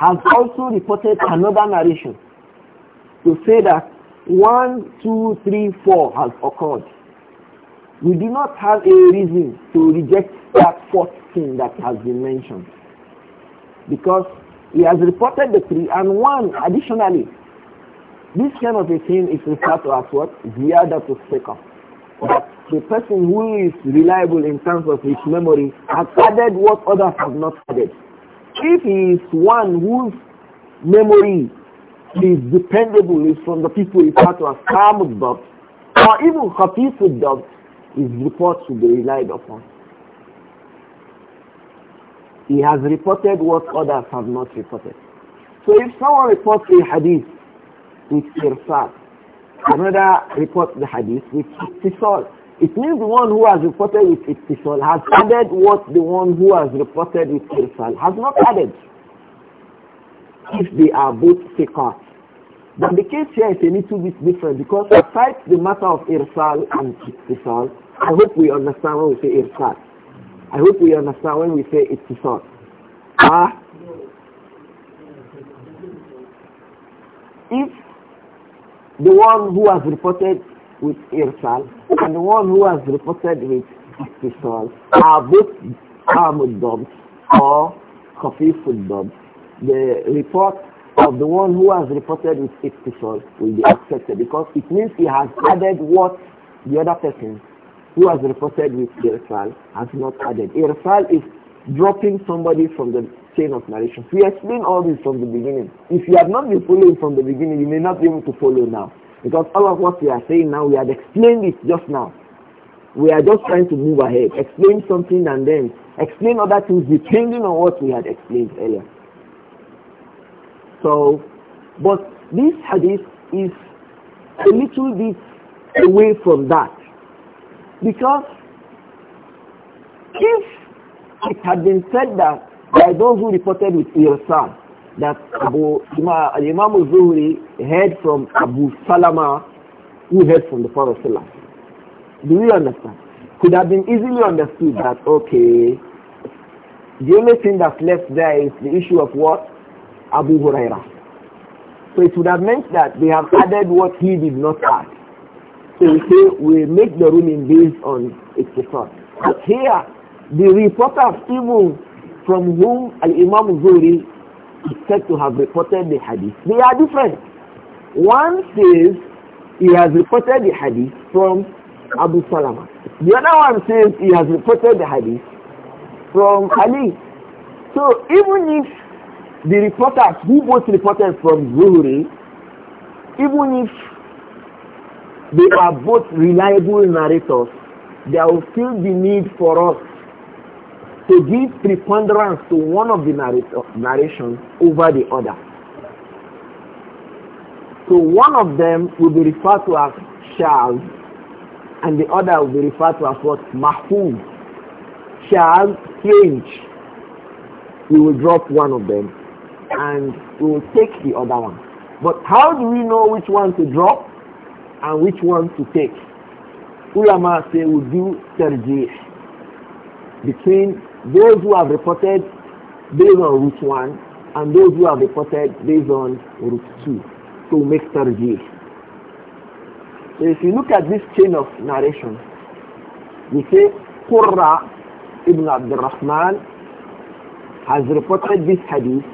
has also reported another narration to say that one, two, three, four has occurred. We do not have a reason to reject that fourth thing that has been mentioned. Because he has reported the three and one additionally this kind of a thing is referred to as what? other to second. That the person who is reliable in terms of his memory has added what others have not added. If he is one whose memory is dependable, is from the people have to with Kamudbab, or even Khafifudbab, his report should be relied upon. He has reported what others have not reported. So if someone reports a hadith with irsal. Another report the hadith with ittisal. It means the one who has reported with ittisal has added what the one who has reported with irsal has not added. If they are both thiqat. But the case here is a little bit different because aside the matter of irsal and ittisal, I hope we understand when we say irsal. I hope we understand when we say ittisal. Ah, if the one who has reported with irsal and the one who has reported with istisal are both armud dogs or khafifud dogs. The report of the one who has reported with istisal will be accepted because it means he has added what the other person who has reported with irsal has not added. Irsal is dropping somebody from the chain of narration. We explain all this from the beginning. If you have not been following from the beginning, you may not be able to follow now. Because all of what we are saying now, we had explained it just now. We are just trying to move ahead, explain something and then explain other things depending on what we had explained earlier. So, but this hadith is a little bit away from that. Because if it had been said that by those who reported with Irsan that Abu Imam, Imam Zuhri heard from Abu Salama who heard from the Prophet Do you understand? Could have been easily understood that, okay, the only thing that's left there is the issue of what? Abu Huraira. So it would have meant that they have added what he did not add. So we say we make the ruling based on its But here, the reporter of evil from whom Al-Imam Zuri is said to have reported the hadith, they are different. One says he has reported the hadith from Abu Salama. The other one says he has reported the hadith from Ali. So even if the reporters who both reported from Zuhri, even if they are both reliable narrators, there will still be need for us to give preponderance to one of the narrations over the other. So one of them will be referred to as Shaz and the other will be referred to as what? Mahfuz. Shaz, change, We will drop one of them and we will take the other one. But how do we know which one to drop and which one to take? Ulama say we do tarjih between those who have reported based on route 1 and those who have reported based on route 2 to make tarjih. So if you look at this chain of narration, we say Qurra ibn Abdurrahman, Rahman has reported this hadith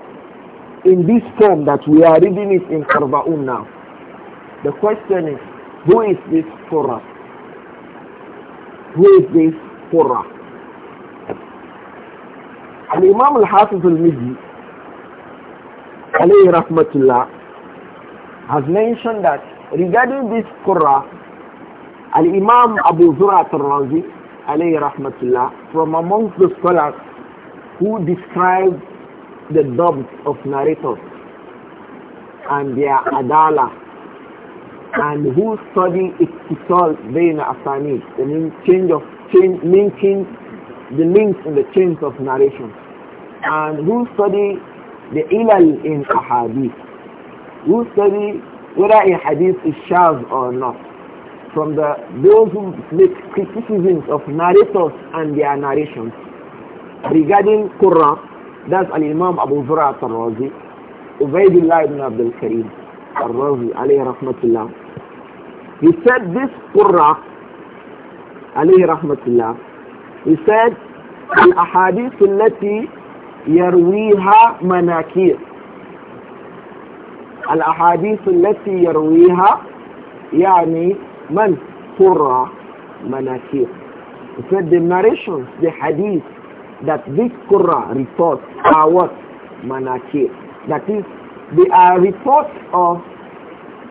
in this form that we are reading it in Qarbaun now. The question is, who is this Qurra? Who is this Qurra? And Imam al-Hafiz al-Mizzi, alayhi rahmatullah, has mentioned that regarding this Qur'an, al-Imam Abu Zurat al-Razi, alayhi rahmatullah, from amongst the scholars who describe the dubs of narrators and their adala and who study ittisal bain asanid, the mean change of change linking the links in the chains of narration and who study the ilal in ahadith, who study whether a hadith is shaz or not, from the those who make criticisms of narrators and their narrations. Regarding Quran, that's Al-Imam Abu Zurat al-Razi, Ubaidullah ibn Abdul Karim al-Razi, alayhi rahmatullah. He said this Quran, alayhi rahmatullah, he said, الأحاديث التي يرويها مناكير الأحاديث التي يرويها يعني من قرى مناكير He said the narrations, the hadith that this Qurra reports are what? Manakir. That is, they are reports of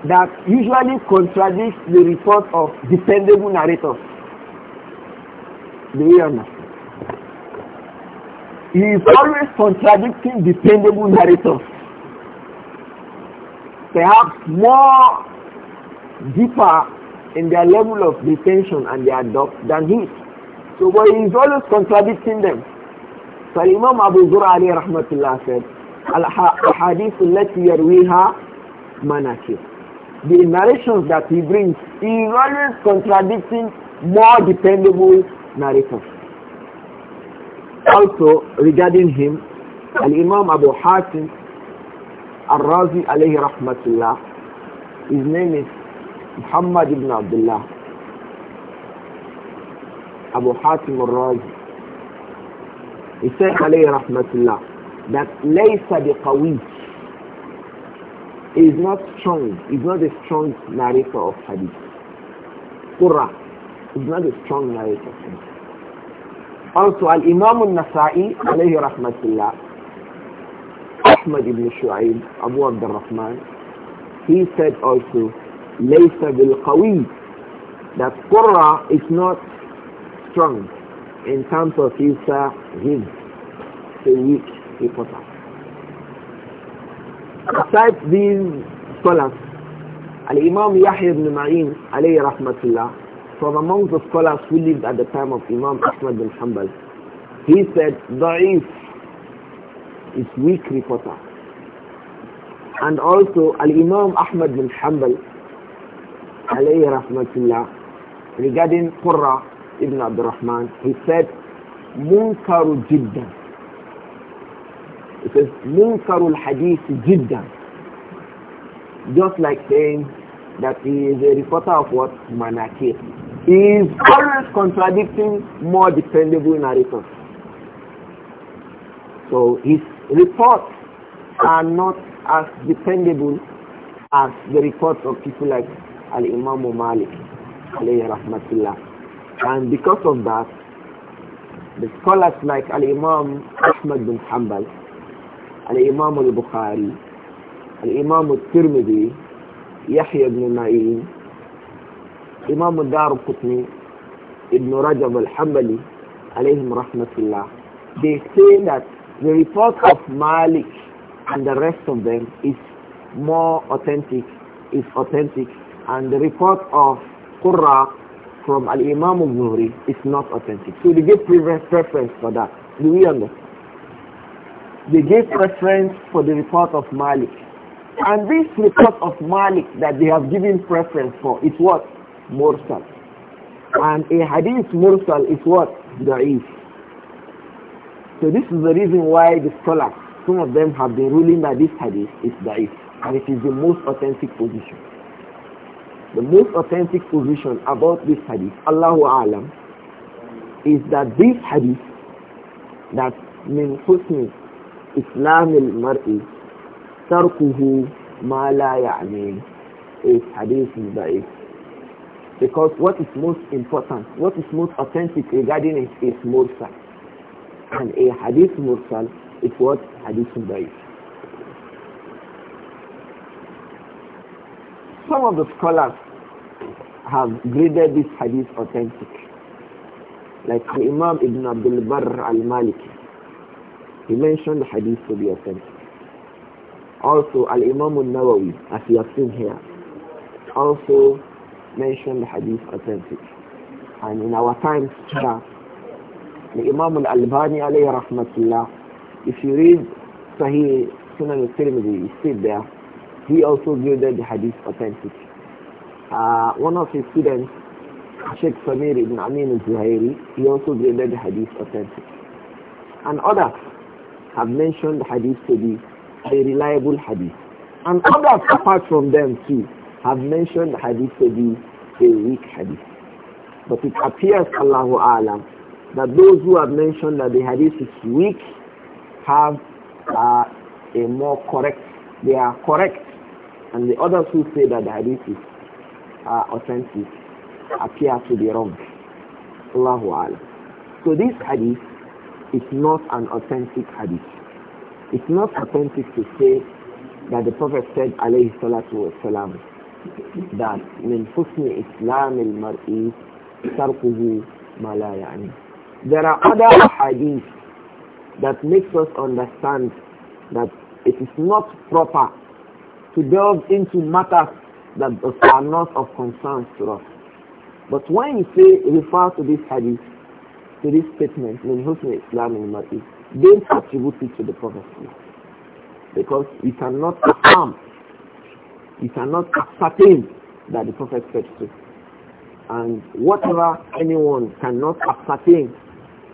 that usually contradicts the report of dependable narrators. Do you He is always contradicting dependable narrators. Perhaps more deeper in their level of detention and their adopt than his. So but he is always contradicting them. So Imam Abu Zura Ali Rahmatullah said, Al-Hadith التي يرويها manakir. The narrations that he brings, he is always contradicting more dependable also regarding him, Al-Imam Abu Hatim Al-Razi alayhi rahmatullah, his name is Muhammad ibn Abdullah. Abu Hatim Al-Razi. He said alayhi rahmatullah that laysa biqawi is not strong, is not a strong narrator of hadith. Qurra is not a strong narrator of hadith. Also Al-Imam al-Nasai alayhi rahmatullah Ahmad ibn Shu'aib Abu Abdul Rahman he said also ليس بالقوي that Qurra is not strong in terms of his uh, the weak reporter aside these scholars Al-Imam Yahya ibn Ma'in alayhi rahmatullah from among the scholars who lived at the time of Imam Ahmad bin Hanbal, he said, Da'if is weak reporter. And also, Al-Imam Ahmad bin Hanbal, alayhi rahmatullah, regarding Qurra ibn Abdul Rahman, he said, Munkaru jiddan. It says, Munkaru al-hadith jiddan. Just like saying that he is a reporter of what? Manakir is always contradicting more dependable narrators. So his reports are not as dependable as the reports of people like Al-Imam Malik alayhi rahmatullah. And because of that, the scholars like Al-Imam Ahmad bin Hanbal, Al-Imam Al-Bukhari, Al-Imam Al-Tirmidhi, Yahya ibn Na'im, Imam Dar Qutni, Ibn Rajab al عليهم رحمة الله. they say that the report of Malik and the rest of them is more authentic, is authentic, and the report of Qurra from Al-Imam al-Zuhri is not authentic. So they give preference for that. Do we understand? They give preference for the report of Malik. And this report of Malik that they have given preference for, is what? mursal. And a hadith mursal is what? Da'if. So this is the reason why the scholars, some of them have been ruling that this hadith is da'if. And it is the most authentic position. The most authentic position about this hadith, Allahu Alam, is that this hadith, that min husni islam al-mar'i tarkuhu ma la ya'ni, is hadith da'if. Because what is most important, what is most authentic regarding it is Mursal. And a Hadith Mursal is what Hadith Mubarak. Some of the scholars have graded this Hadith authentic. Like the Imam Ibn Abdul Barr al-Maliki. He mentioned the Hadith to be authentic. Also, Al-Imam al-Nawawi, as you have seen here, also mentioned the hadith authentic. And in our times, the Imam al-Albani alayhi rahmatullah, if you read Sahih Sunan al-Tirmidhi, you see there, he also graded the hadith authentic. Uh, one of his students, Sheikh Samir ibn Amin al-Zuhairi, he also graded the hadith authentic. And others have mentioned the hadith to be a reliable hadith. And others apart from them too have mentioned hadith to be a weak hadith. But it appears, Allahu Alam, that those who have mentioned that the hadith is weak have uh, a more correct, they are correct. And the others who say that the hadith is uh, authentic appear to be wrong. Allahu Alam. So this hadith is not an authentic hadith. It's not authentic to say that the Prophet said, alayhi salatu salam that من Islam al-Mar'i, تركه ما لا يعني There are other hadith that makes us understand that it is not proper to delve into matters that are not of concern to us. But when you say refer to this hadith, to this statement, من Islam al-Mar'i, don't attribute it to the Prophet because you cannot come you cannot ascertain that the Prophet said so. And whatever anyone cannot ascertain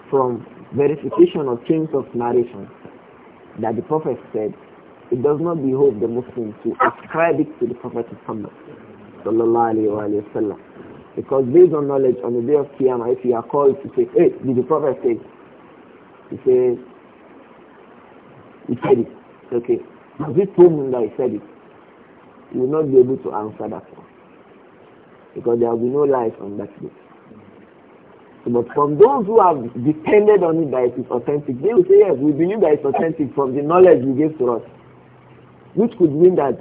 from verification or change of narration that the Prophet said, it does not behove the Muslim to ascribe it to the Prophet Muhammad Because based on knowledge on the day of Qiyamah, if you are called to say, hey, did the Prophet say? He says, he said it. Okay. Does it prove that he said it? you will not be able to answer that one. Because there will be no life on that day. So, but from those who have depended on it that it is authentic, they will say, yes, we believe that it's authentic from the knowledge you gave to us. Which could mean that,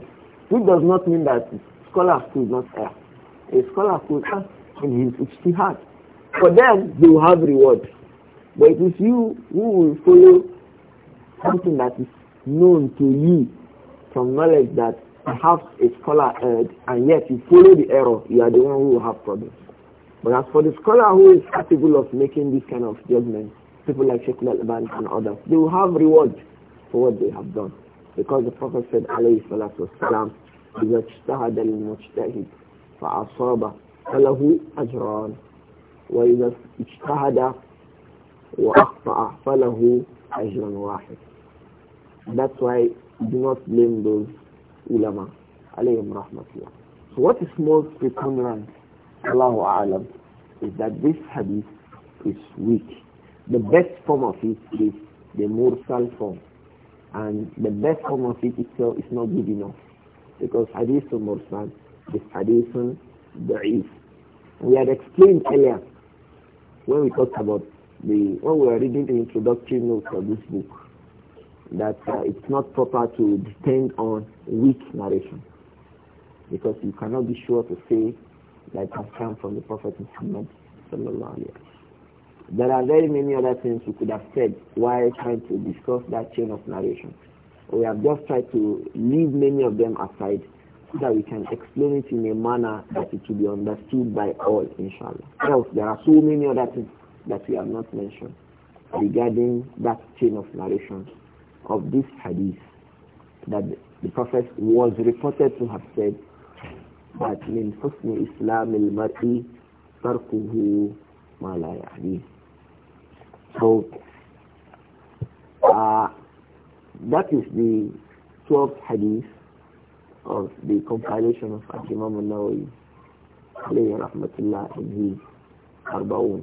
which does not mean that scholars could not err. A scholar could have in his heart. For them, they will have reward. But it is you who will follow something that is known to you from knowledge that perhaps a scholar erred and yet you follow the error, you are the one who will have problems. But as for the scholar who is capable of making this kind of judgment, people like Sheikh Al-Ban and others, they will have reward for what they have done. Because the Prophet said, alayhi salatu wasalam, إِذَا اجْتَهَدَ الْمُجْتَهِدْ فَأَصَابَ فَلَهُ أَجْرَانِ وَإِذَا اجْتَهَدَ وَأَخْطَأَ فَلَهُ أَجْرٌ وَاحِدٌ That's why do not blame those ulama, alayhim rahmatullah. So what is most preponderant, Allahu A'lam, is that this hadith is weak. The best form of it is the mursal form. And the best form of it itself is not good enough. Because hadith mursal is hadith da'if. We had explained earlier when we talked about the, when we were reading the introductory notes of this book, that uh, it's not proper to depend on weak narration because you cannot be sure to say that has come from the Prophet Muhammad There are very many other things we could have said while trying to discuss that chain of narration. We have just tried to leave many of them aside so that we can explain it in a manner that it should be understood by all, inshallah. Else, there are so many other things that we have not mentioned regarding that chain of narration of this hadith that the Prophet was reported to have said that min husn Islam al-mar'i tarkuhu ma la ya'ni. So uh, that is the 12th hadith of the compilation of Imam al-Nawawi alayhi rahmatullah in his Arbaun.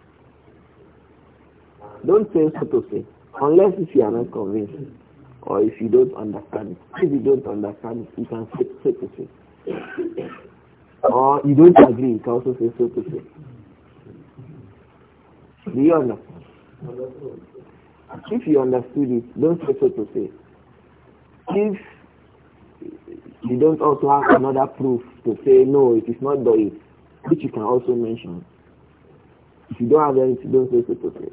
Don't say so to say, unless if you are not convinced or if you don't understand If you don't understand you can say so to say. Or you don't agree, you can also say so to say. Do you understand? If you understood it, don't say so to say. If you don't also have another proof to say no, it is not the which you can also mention. If you don't have anything, don't say so to say.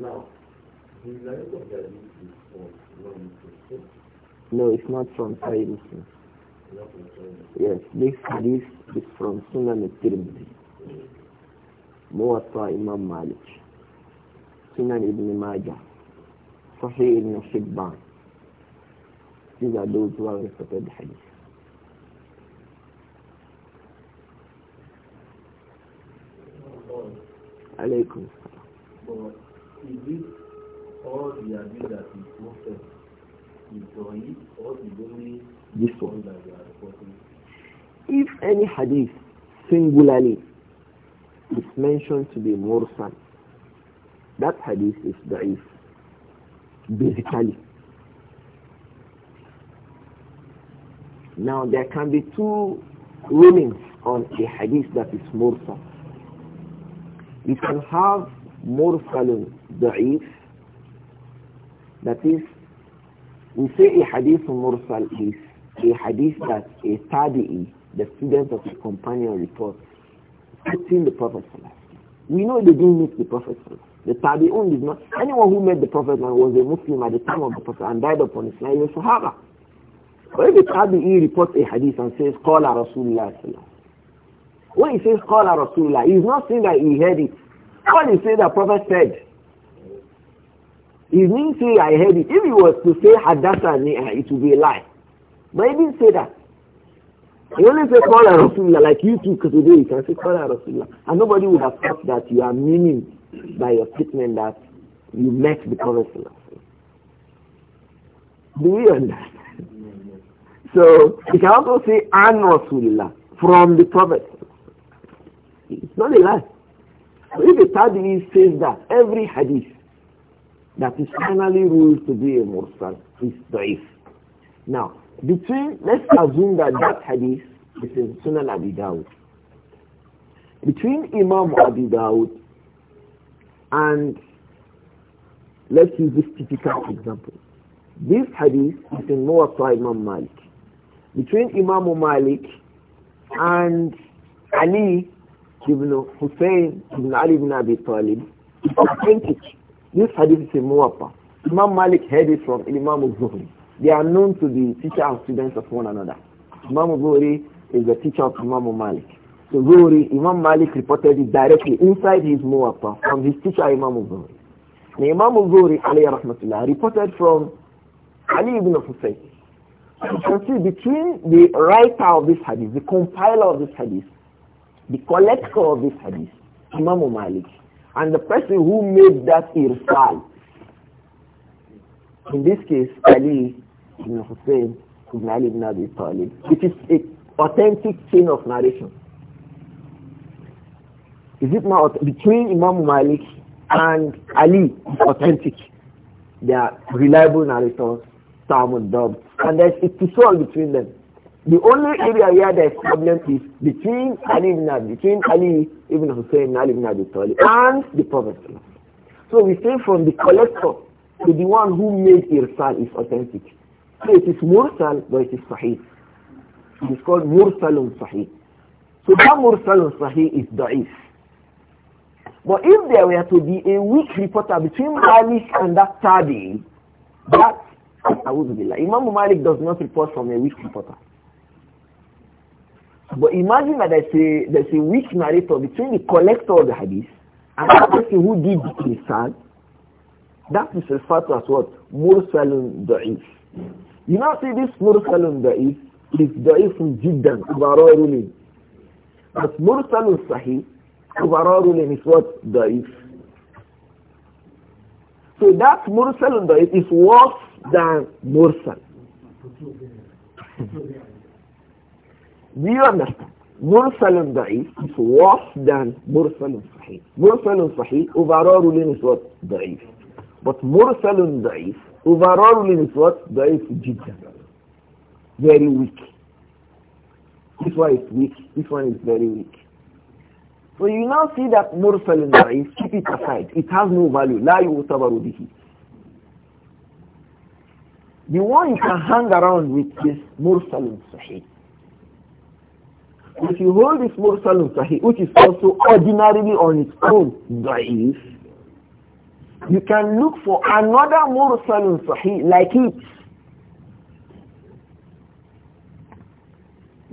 Now, the narrator of that is from No, it's not from Sahih Muslim. Yes, this hadith is from Sunan al-Tirmidhi. Muwatta Imam Malik. Sunan ibn Majah. Sahih ibn Shibban. These are those who are reported this one that are reporting? If any hadith singularly is mentioned to be mursal, that hadith is da'if, basically. Now there can be two rulings on a hadith that is mursal. It can have mursalun da'if, that is, we say a hadith mursal is a hadith that a tabi'i, the student of a companion reports, quoting the Prophet We know they didn't meet the Prophet The tabi'un is not. Anyone who met the Prophet was a Muslim at the time of the Prophet and died upon his life in Sahaba. But if the tabi'i reports a hadith and says, Qala Rasulullah when he says Qala Rasulullah, he's not saying that he heard it. All he says that Prophet said, he didn't say I heard it. If he was to say Hadassah, eh, it would be a lie. But he didn't say that. He only said Qala Rasulullah, like you too, today you can say Qala Rasulullah. And nobody would have thought that you are meaning by your statement that you met the Prophet. Do we understand? So, you can also say An Rasulullah, from the Prophet. It's not a lie. So if the Tabi'i says that, every hadith, that is finally ruled to be a mursal is da'if. Now, between, let's assume that that hadith is in Sunan Abi Dawud. Between Imam Abi Dawud and, let's use this typical example. This hadith is in Muwatta Imam Malik. Between Imam Malik and Ali ibn Hussein ibn Ali ibn Abi Talib, authentic this hadith is a muwappa. Imam Malik heard it from Imam al-Zuhri. They are known to be teacher and students of one another. Imam al-Zuhri is the teacher of Imam Malik. So Zuhri, Imam Malik reported it directly inside his muwappa from his teacher Imam al-Zuhri. Now Imam al-Zuhri, alayhi rahmatullah, reported from Ali ibn Husayn. You can see between the writer of this hadith, the compiler of this hadith, the collector of this hadith, Imam Malik, and the person who made that irsal. In this case, Ali ibn Hussein ibn Ali ibn Abi Talib, It is a an authentic chain of narration. Is it not between Imam Malik and Ali authentic? They are reliable narrators, Talmud and there's a tissue between them. The only area where there is problem is between Ali ibn Abi, between Ali ibn Hussein, Ali ibn Abi Talib, and the Prophet. So we say from the collector to the one who made irsal is authentic. So it is mursal, but it is sahih. It is called mursalun sahih. So that mursalun sahih is da'if. But if there were to be a weak reporter between Malik and that Tabi, that, I would be like, Imam Malik does not report from a weak reporter. But imagine that there's a, there's a weak narrator between the collector of the hadith and the person who did the irsal. That is referred to as what? Mursalun da'if. You now see this Mursalun da'if is da'ifun jiddan, overall ruling. But Mursalun sahih, overall ruling is what? Da'if. So that Mursalun da'if is worse than Mursal. Do you understand? Mursalun da'if is worse than Mursalun sahih. Mursalun sahih, overall ruling is what? Da'if. But Mursalun da'if, overall ruling is what? Da'if jidda. Very weak. This one is weak. This one is very weak. So you now see that Mursalun da'if, keep it aside. It has no value. La yutabaru bihi. The one you can hang around with is Mursalun sahih. If you hold this Mursalun Sahih, which is also ordinarily on its own da'if, you can look for another Mursalun Sahih like it.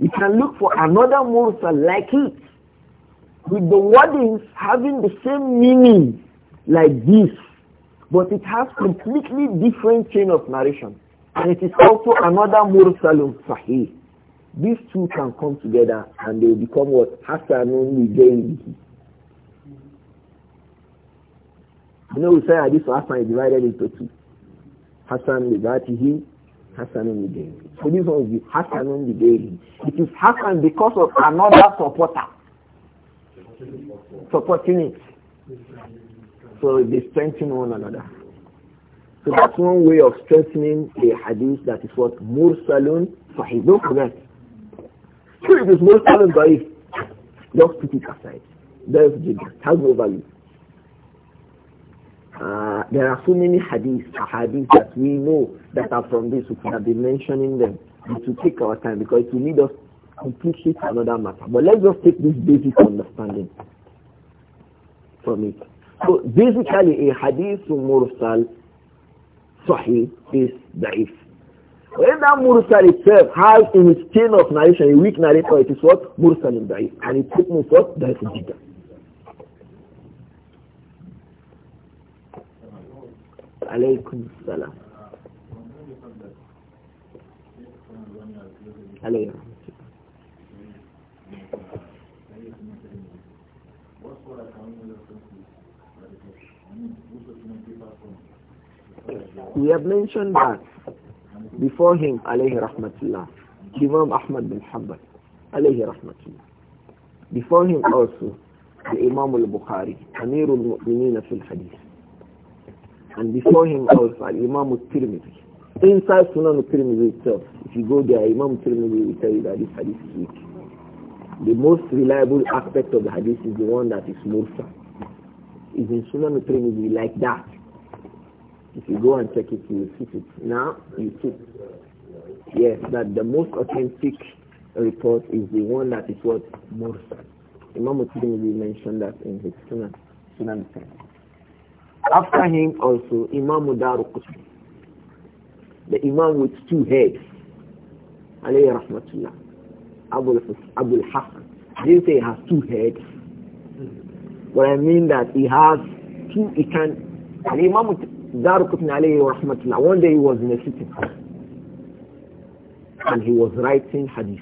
You can look for another Mursal like it with the wordings having the same meaning like this, but it has completely different chain of narration. And it is also another Mursalun Sahih. These two can come together and they will become what? Afternoon again. You know, we say this Hassan is divided into two. Hassan Ligatihi, Hassanun Ligairi. So this one is Hassanun Ligairi. It is Hassan because of another supporter supporting it. So they strengthen one another. So that's one way of strengthening a hadith that is what Mursalun Sahih. Don't forget, if it's Mursal and Da'if, just put it aside. There's Jidah. It has no value. Uh, there are so many hadiths, hadiths that we know that are from this. We could have been mentioning them. It will take our time because it will lead us completely to another matter. But let's just take this basic understanding from it. So basically a hadith from mursal sahih is da'if. When that Mursal itself has in its chain of narration a weak narrator, it is what? Mursal in Da'if. And it took me what? Da'if Jida. Alaykum salam. Alaykum. We have mentioned that before him alayhi rahmatullah Imam Ahmad bin Hanbal alayhi rahmatullah before him also the Imam al-Bukhari Amirul Mu'minin fil Hadith and before him also Imam al-Tirmidhi inside Sunan al-Tirmidhi itself if you go there Imam al-Tirmidhi will tell you that this hadith is weak the most reliable aspect of the hadith is the one that is mursal is in Sunan al-Tirmidhi like that if you go and check it, you will see it. Now, you see. Yes, that the most authentic report is the one that is what? Mursal. Imam Tirmidhi mentioned that in his Sunan. Sunan After him also, Imam Daruqutni. The Imam with two heads. Alayhi rahmatullah. Abu al-Hasan. I didn't say he has two heads. But I mean that he has two, he can, and Imam alayhi rahmatullah, one day he was in a sitting and he was writing hadith.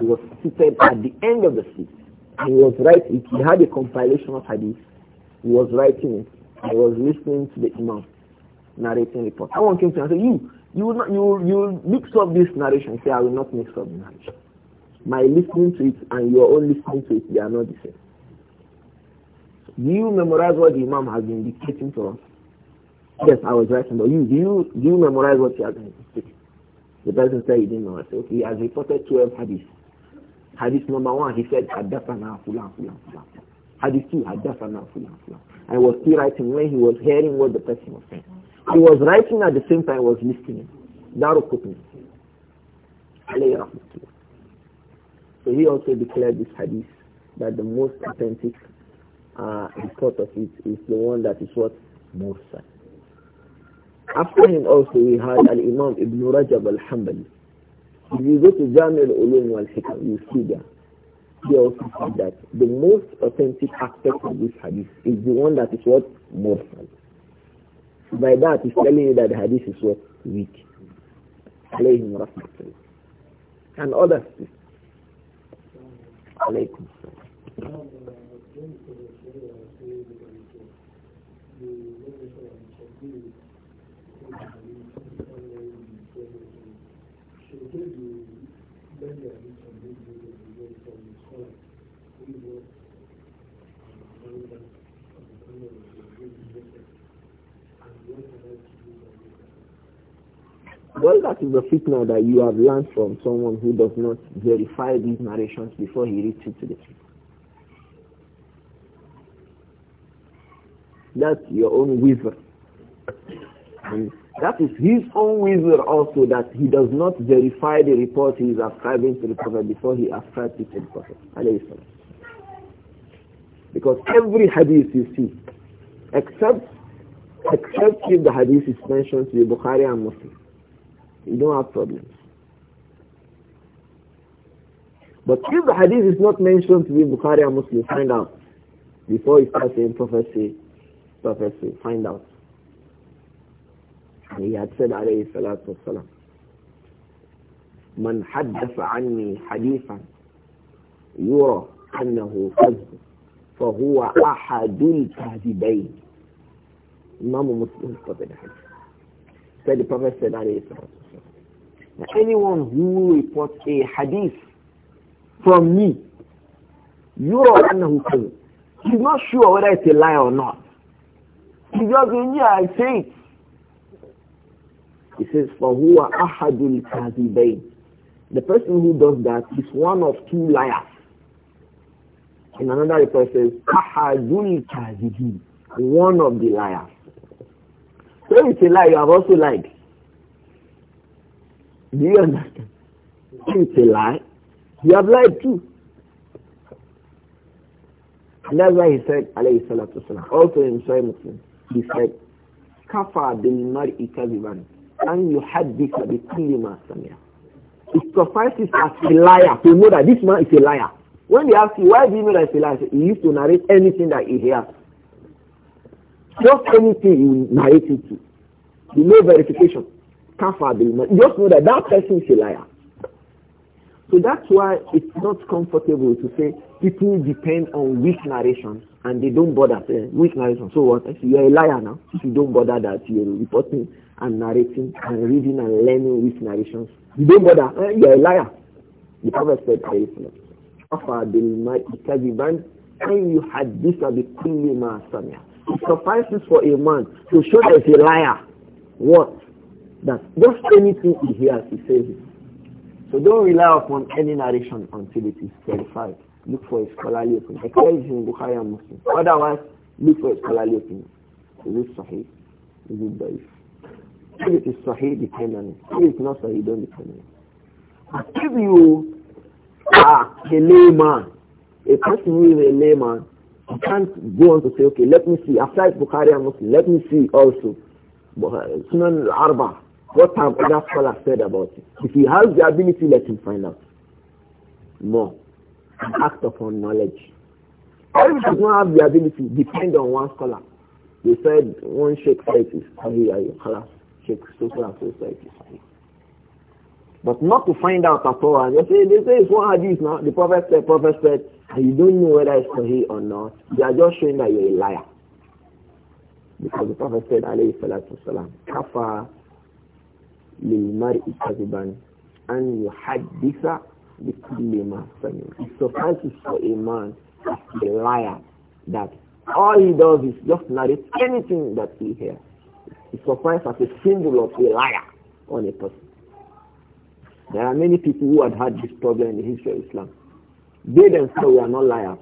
He was seated at the end of the seat. He was writing, he had a compilation of hadith. He was writing it. I was listening to the imam narrating the report. I want him to and said, you, you will not, you you mix up this narration. Say, I will not mix up the narration. My listening to it and your own listening to it, they are not the same. Do you memorize what the imam has been dictating to us? Yes, I was writing, but you do you do you memorize what you are going to speak? The person said he didn't know. okay, he has reported twelve hadith. Hadith number one, he said, Haddafana fulan fulan fulan. Hadith two, Haddafana fulan fulan. I was still writing when he was hearing what the person was saying. He was writing at the same time I was listening. Daru Qutni. So he also declared this hadith that the most authentic uh, report of it is the one that is what? Mursal. After him also we had Al-Imam Ibn Rajab Al-Hanbali. If you go to Jamil al-Ulum wal-Hikam, you see that. They also said that the most authentic aspect of this hadith is the one that is what? Mursal. by that, he's telling you that the hadith is what? Weak. Alayhim rahmatullah. And others. Alaykum. Well, that is the fitna that you have learned from someone who does not verify these narrations before he reads it to the people. That's your own wizard. And that is his own wizard also that he does not verify the report he is ascribing to the Prophet before he ascribes it to the Prophet. Because every hadith you see, except except if the hadith is mentioned to the Bukhari and Muslim, you don't have problems. But if the hadith is not mentioned to be Bukhari or Muslim, find out. Before you start saying prophecy, prophecy, find out. And he had said, alayhi salatu wasalam, من حدث عني حديثا يرى أنه كذب فهو أحد الكاذبين Imam Muslim hadith. Said the Prophet said, alayhi salatu anyone who reports a hadith from me, يُرَى who كَذِبٌ He's not sure whether it's a lie or not. He just says, yeah, I say it. He says, فَهُوَ أَحَدُ الْكَذِبَيْنِ The person who does that is one of two liars. In another report says, أَحَدُ الْكَذِبِينَ One of the liars. So it's a lie, you have also lied. Do you understand? It's a lie. You have lied too. And that's why he said, alayhi salatu wasalam, also in Sahih Muslim, he said, kafa bil mar'i kadiban an yuhaddisa bi kulli ma sami'a. It suffices as a liar to know that this man is a liar. When they ask you, why do you know that he's a liar? He used to narrate anything that he hears. Just anything you narrate it to. You know verification kafa Just know that that person is a liar. So that's why it's not comfortable to say people depend on weak narrations and they don't bother. Uh, weak narration. So what? say you're a liar now. If you don't bother that you're reporting and narrating and reading and learning weak narrations, you don't bother. Eh, you're a liar. The Prophet said, and you had this It suffices for a man to show that he's a liar. What? That just anything he hears, he says it. So don't rely upon any narration until it is verified. Look for a scholarly opinion. Except in Bukhari and Muslim. Otherwise, look for a scholarly opinion. Is it Sahih? Is it Daif? If it is Sahih, depend on it. If it's not Sahih, don't depend on it. But if you are a layman, a person who is a layman, you can't go on to say, okay, let me see, aside Bukhari and Muslim, let me see also uh, Sunan al-Arba, what have other scholars said about it? If he has the ability, let him find out more. Act upon knowledge. If he does not have the ability, depend on one scholar. They said one Sheikh said is Sahih, Sheikh said But not to find out at all. And they say, they say it's one hadith now. The prophet said, prophet said, and you don't know whether it's Sahih or not. They are just showing that you're a liar. Because the prophet said, alayhi salatu wasalam, kafa للمرء كذبا أن يحدث بكل ما سمع. It suffices for a man as a liar that all he does is just narrate anything that he hears. It suffices as a symbol of a liar on a person. There are many people who had had this problem in the history of Islam. They themselves were not liars.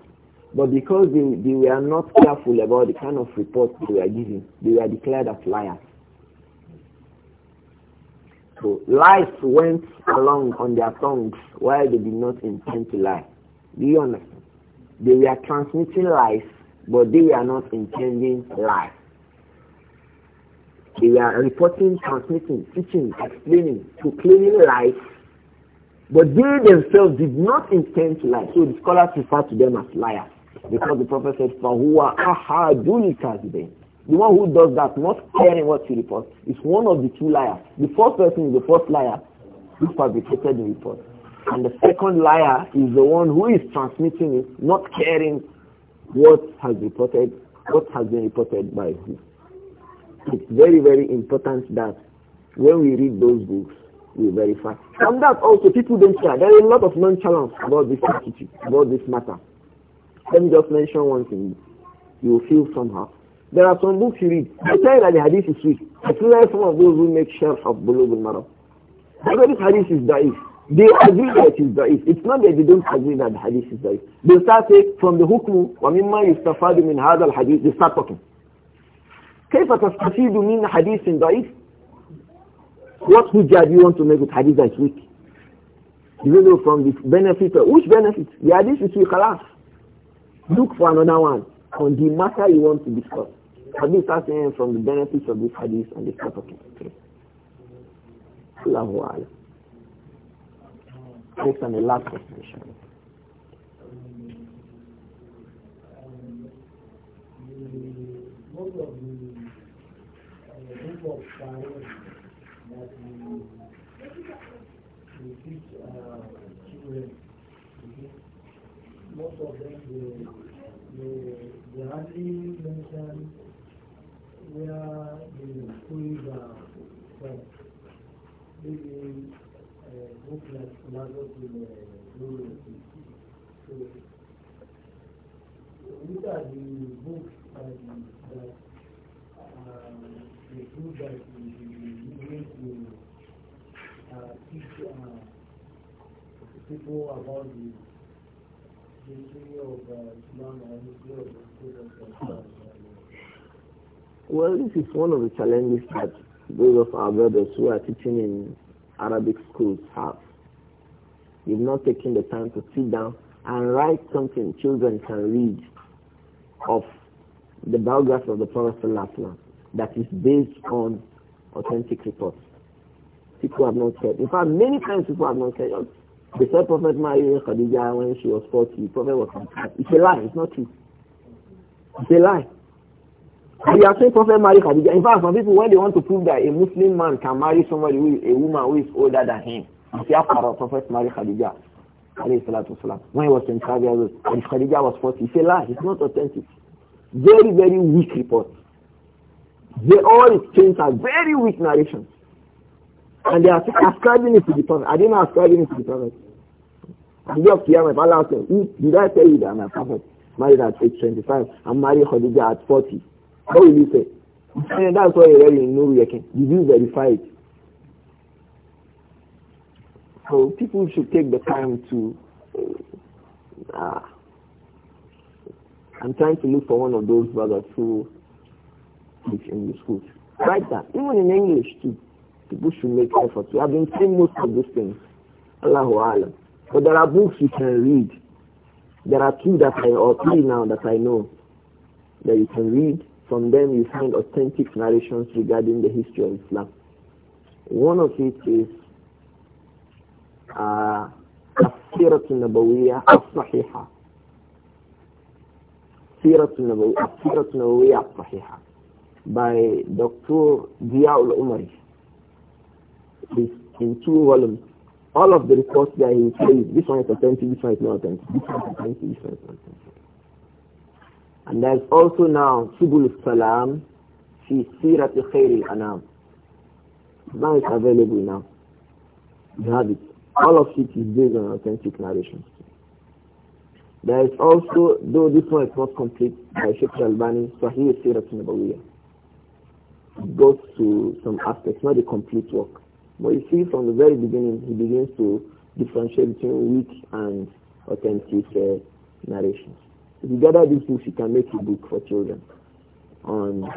But because they, they were not careful about the kind of reports they were giving, they were declared as liars. So lies went along on their tongues while they did not intend to lie. Do you understand? They were transmitting lies, but they were not intending lies. They were reporting, transmitting, teaching, explaining, proclaiming lies, but they themselves did not intend to lie. So the scholars refer to them as liars because the prophet said, "For who are you kazibin." The one who does that, not caring what he reports, is one of the two liars. The first person is the first liar who fabricated the report. And the second liar is the one who is transmitting it, not caring what has reported, what has been reported by who. It's very, very important that when we read those books, we verify. And that also people don't care. There are a lot of nonchalance about this attitude, about this matter. Let me just mention one thing. You will feel somehow. There are some books you read. I tell you that the hadith is weak. I feel like some of those who make shelf of Bulug al-Marab. this hadith is da'if, they agree that it is da'if. It's not that they don't agree that the hadith is da'if. They start saying, from the hukmu, وَمِمَّا يُسْتَفَادُ مِنْ هَذَا الْحَدِيثِ They start talking. كيف تستفيد من حديث daif, what hujjah do you want to make with hadith that is weak you know from the benefit which benefit the hadith is weak look for another one on the matter you want to discuss Hadith starts saying from the benefits of this hadith and this property. Allahu Alam. Next and the last question. Most of them, they, they, they hardly mention we are uh, in the from. Maybe So, We are the books that, that the that we need to teach uh, people about the history of uh, Islam and of the state well, this is one of the challenges that those of our brothers who are teaching in Arabic schools have. You've not taken the time to sit down and write something children can read of the biography of the Prophet that is based on authentic reports. People have not cared. In fact, many times people have not cared. They said Prophet Mary Khadija when she was 40, Prophet was It's a lie, it's not true. It's a lie. We are saying Prophet married Khadija. In fact, some people, when they want to prove that a Muslim man can marry somebody, who, a woman who is older than him, they have after Prophet married Khadija, when he was 25 years old, and Khadija was 40, it's a lie. It's not authentic. Very, very weak report. They all exchange are very weak narrations. And they are ascribing it to the Prophet. I didn't ascribe it to the Prophet. And day of Qiyamah, Allah said, did I tell you that my Prophet married at age 25 and married Khadija at 40? What will you say? And that's why you read in Nur Yakin. Did you verify it? So people should take the time to. Uh, ah. I'm trying to look for one of those brothers who teach in the schools. Write that. Even in English, too. People should make efforts. We have been seeing most of these things. Allahu Alam. But there are books you can read. There are two that I, or three now that I know that you can read from them you find authentic narrations regarding the history of Islam. One of it is uh, السيرة al الصحيحة سيرة النبوية al النبوية by Dr. Dia Al-Umari in two volumes all of the reports that he says this one is authentic this one is not authentic this one is authentic this one is not authentic and there's also now Subul Salam fi Sirat Khair al-Anam. Now it's available now. You have it. All of it is based on authentic narrations. There is also, though this one is not complete, by Sheikh Al-Bani, Sahih Sirat Nabawiyah. It goes to some aspects, not a complete work. But you see from the very beginning, he begins to differentiate between weak and authentic uh, narrations. If you gather these things, you can make a book for children on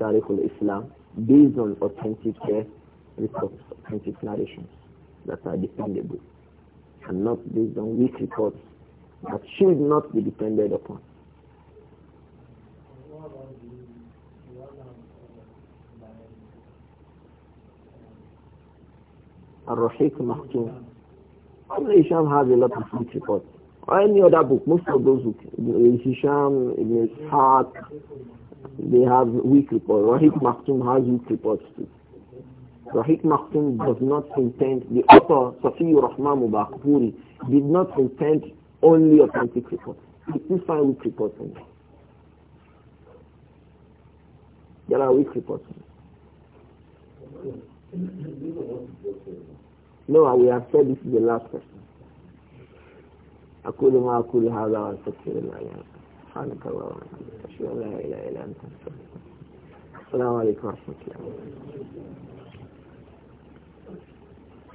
Tariq islam based on authentic reports, authentic narrations that are dependable and not based on weak reports that should not be depended upon. Al-Rafiq Maktoum. Ibn Isham has a lot of weak reports. Or any other book, most of those books, in Hisham, Ibn they have weak reports. Rahik Maktoum has weak reports too. Rahik Maktoum does not intend, the author, Safiur Rahman Mubarakpuri, did not intend only authentic reports. It is find weak reports in there. There are weak reports. No, we have said this is the last question. أقول ما أقول هذا وأستغفر الله سبحانك الله وبحمدك أشهد أن لا إله إلا أنت السلام عليكم ورحمة الله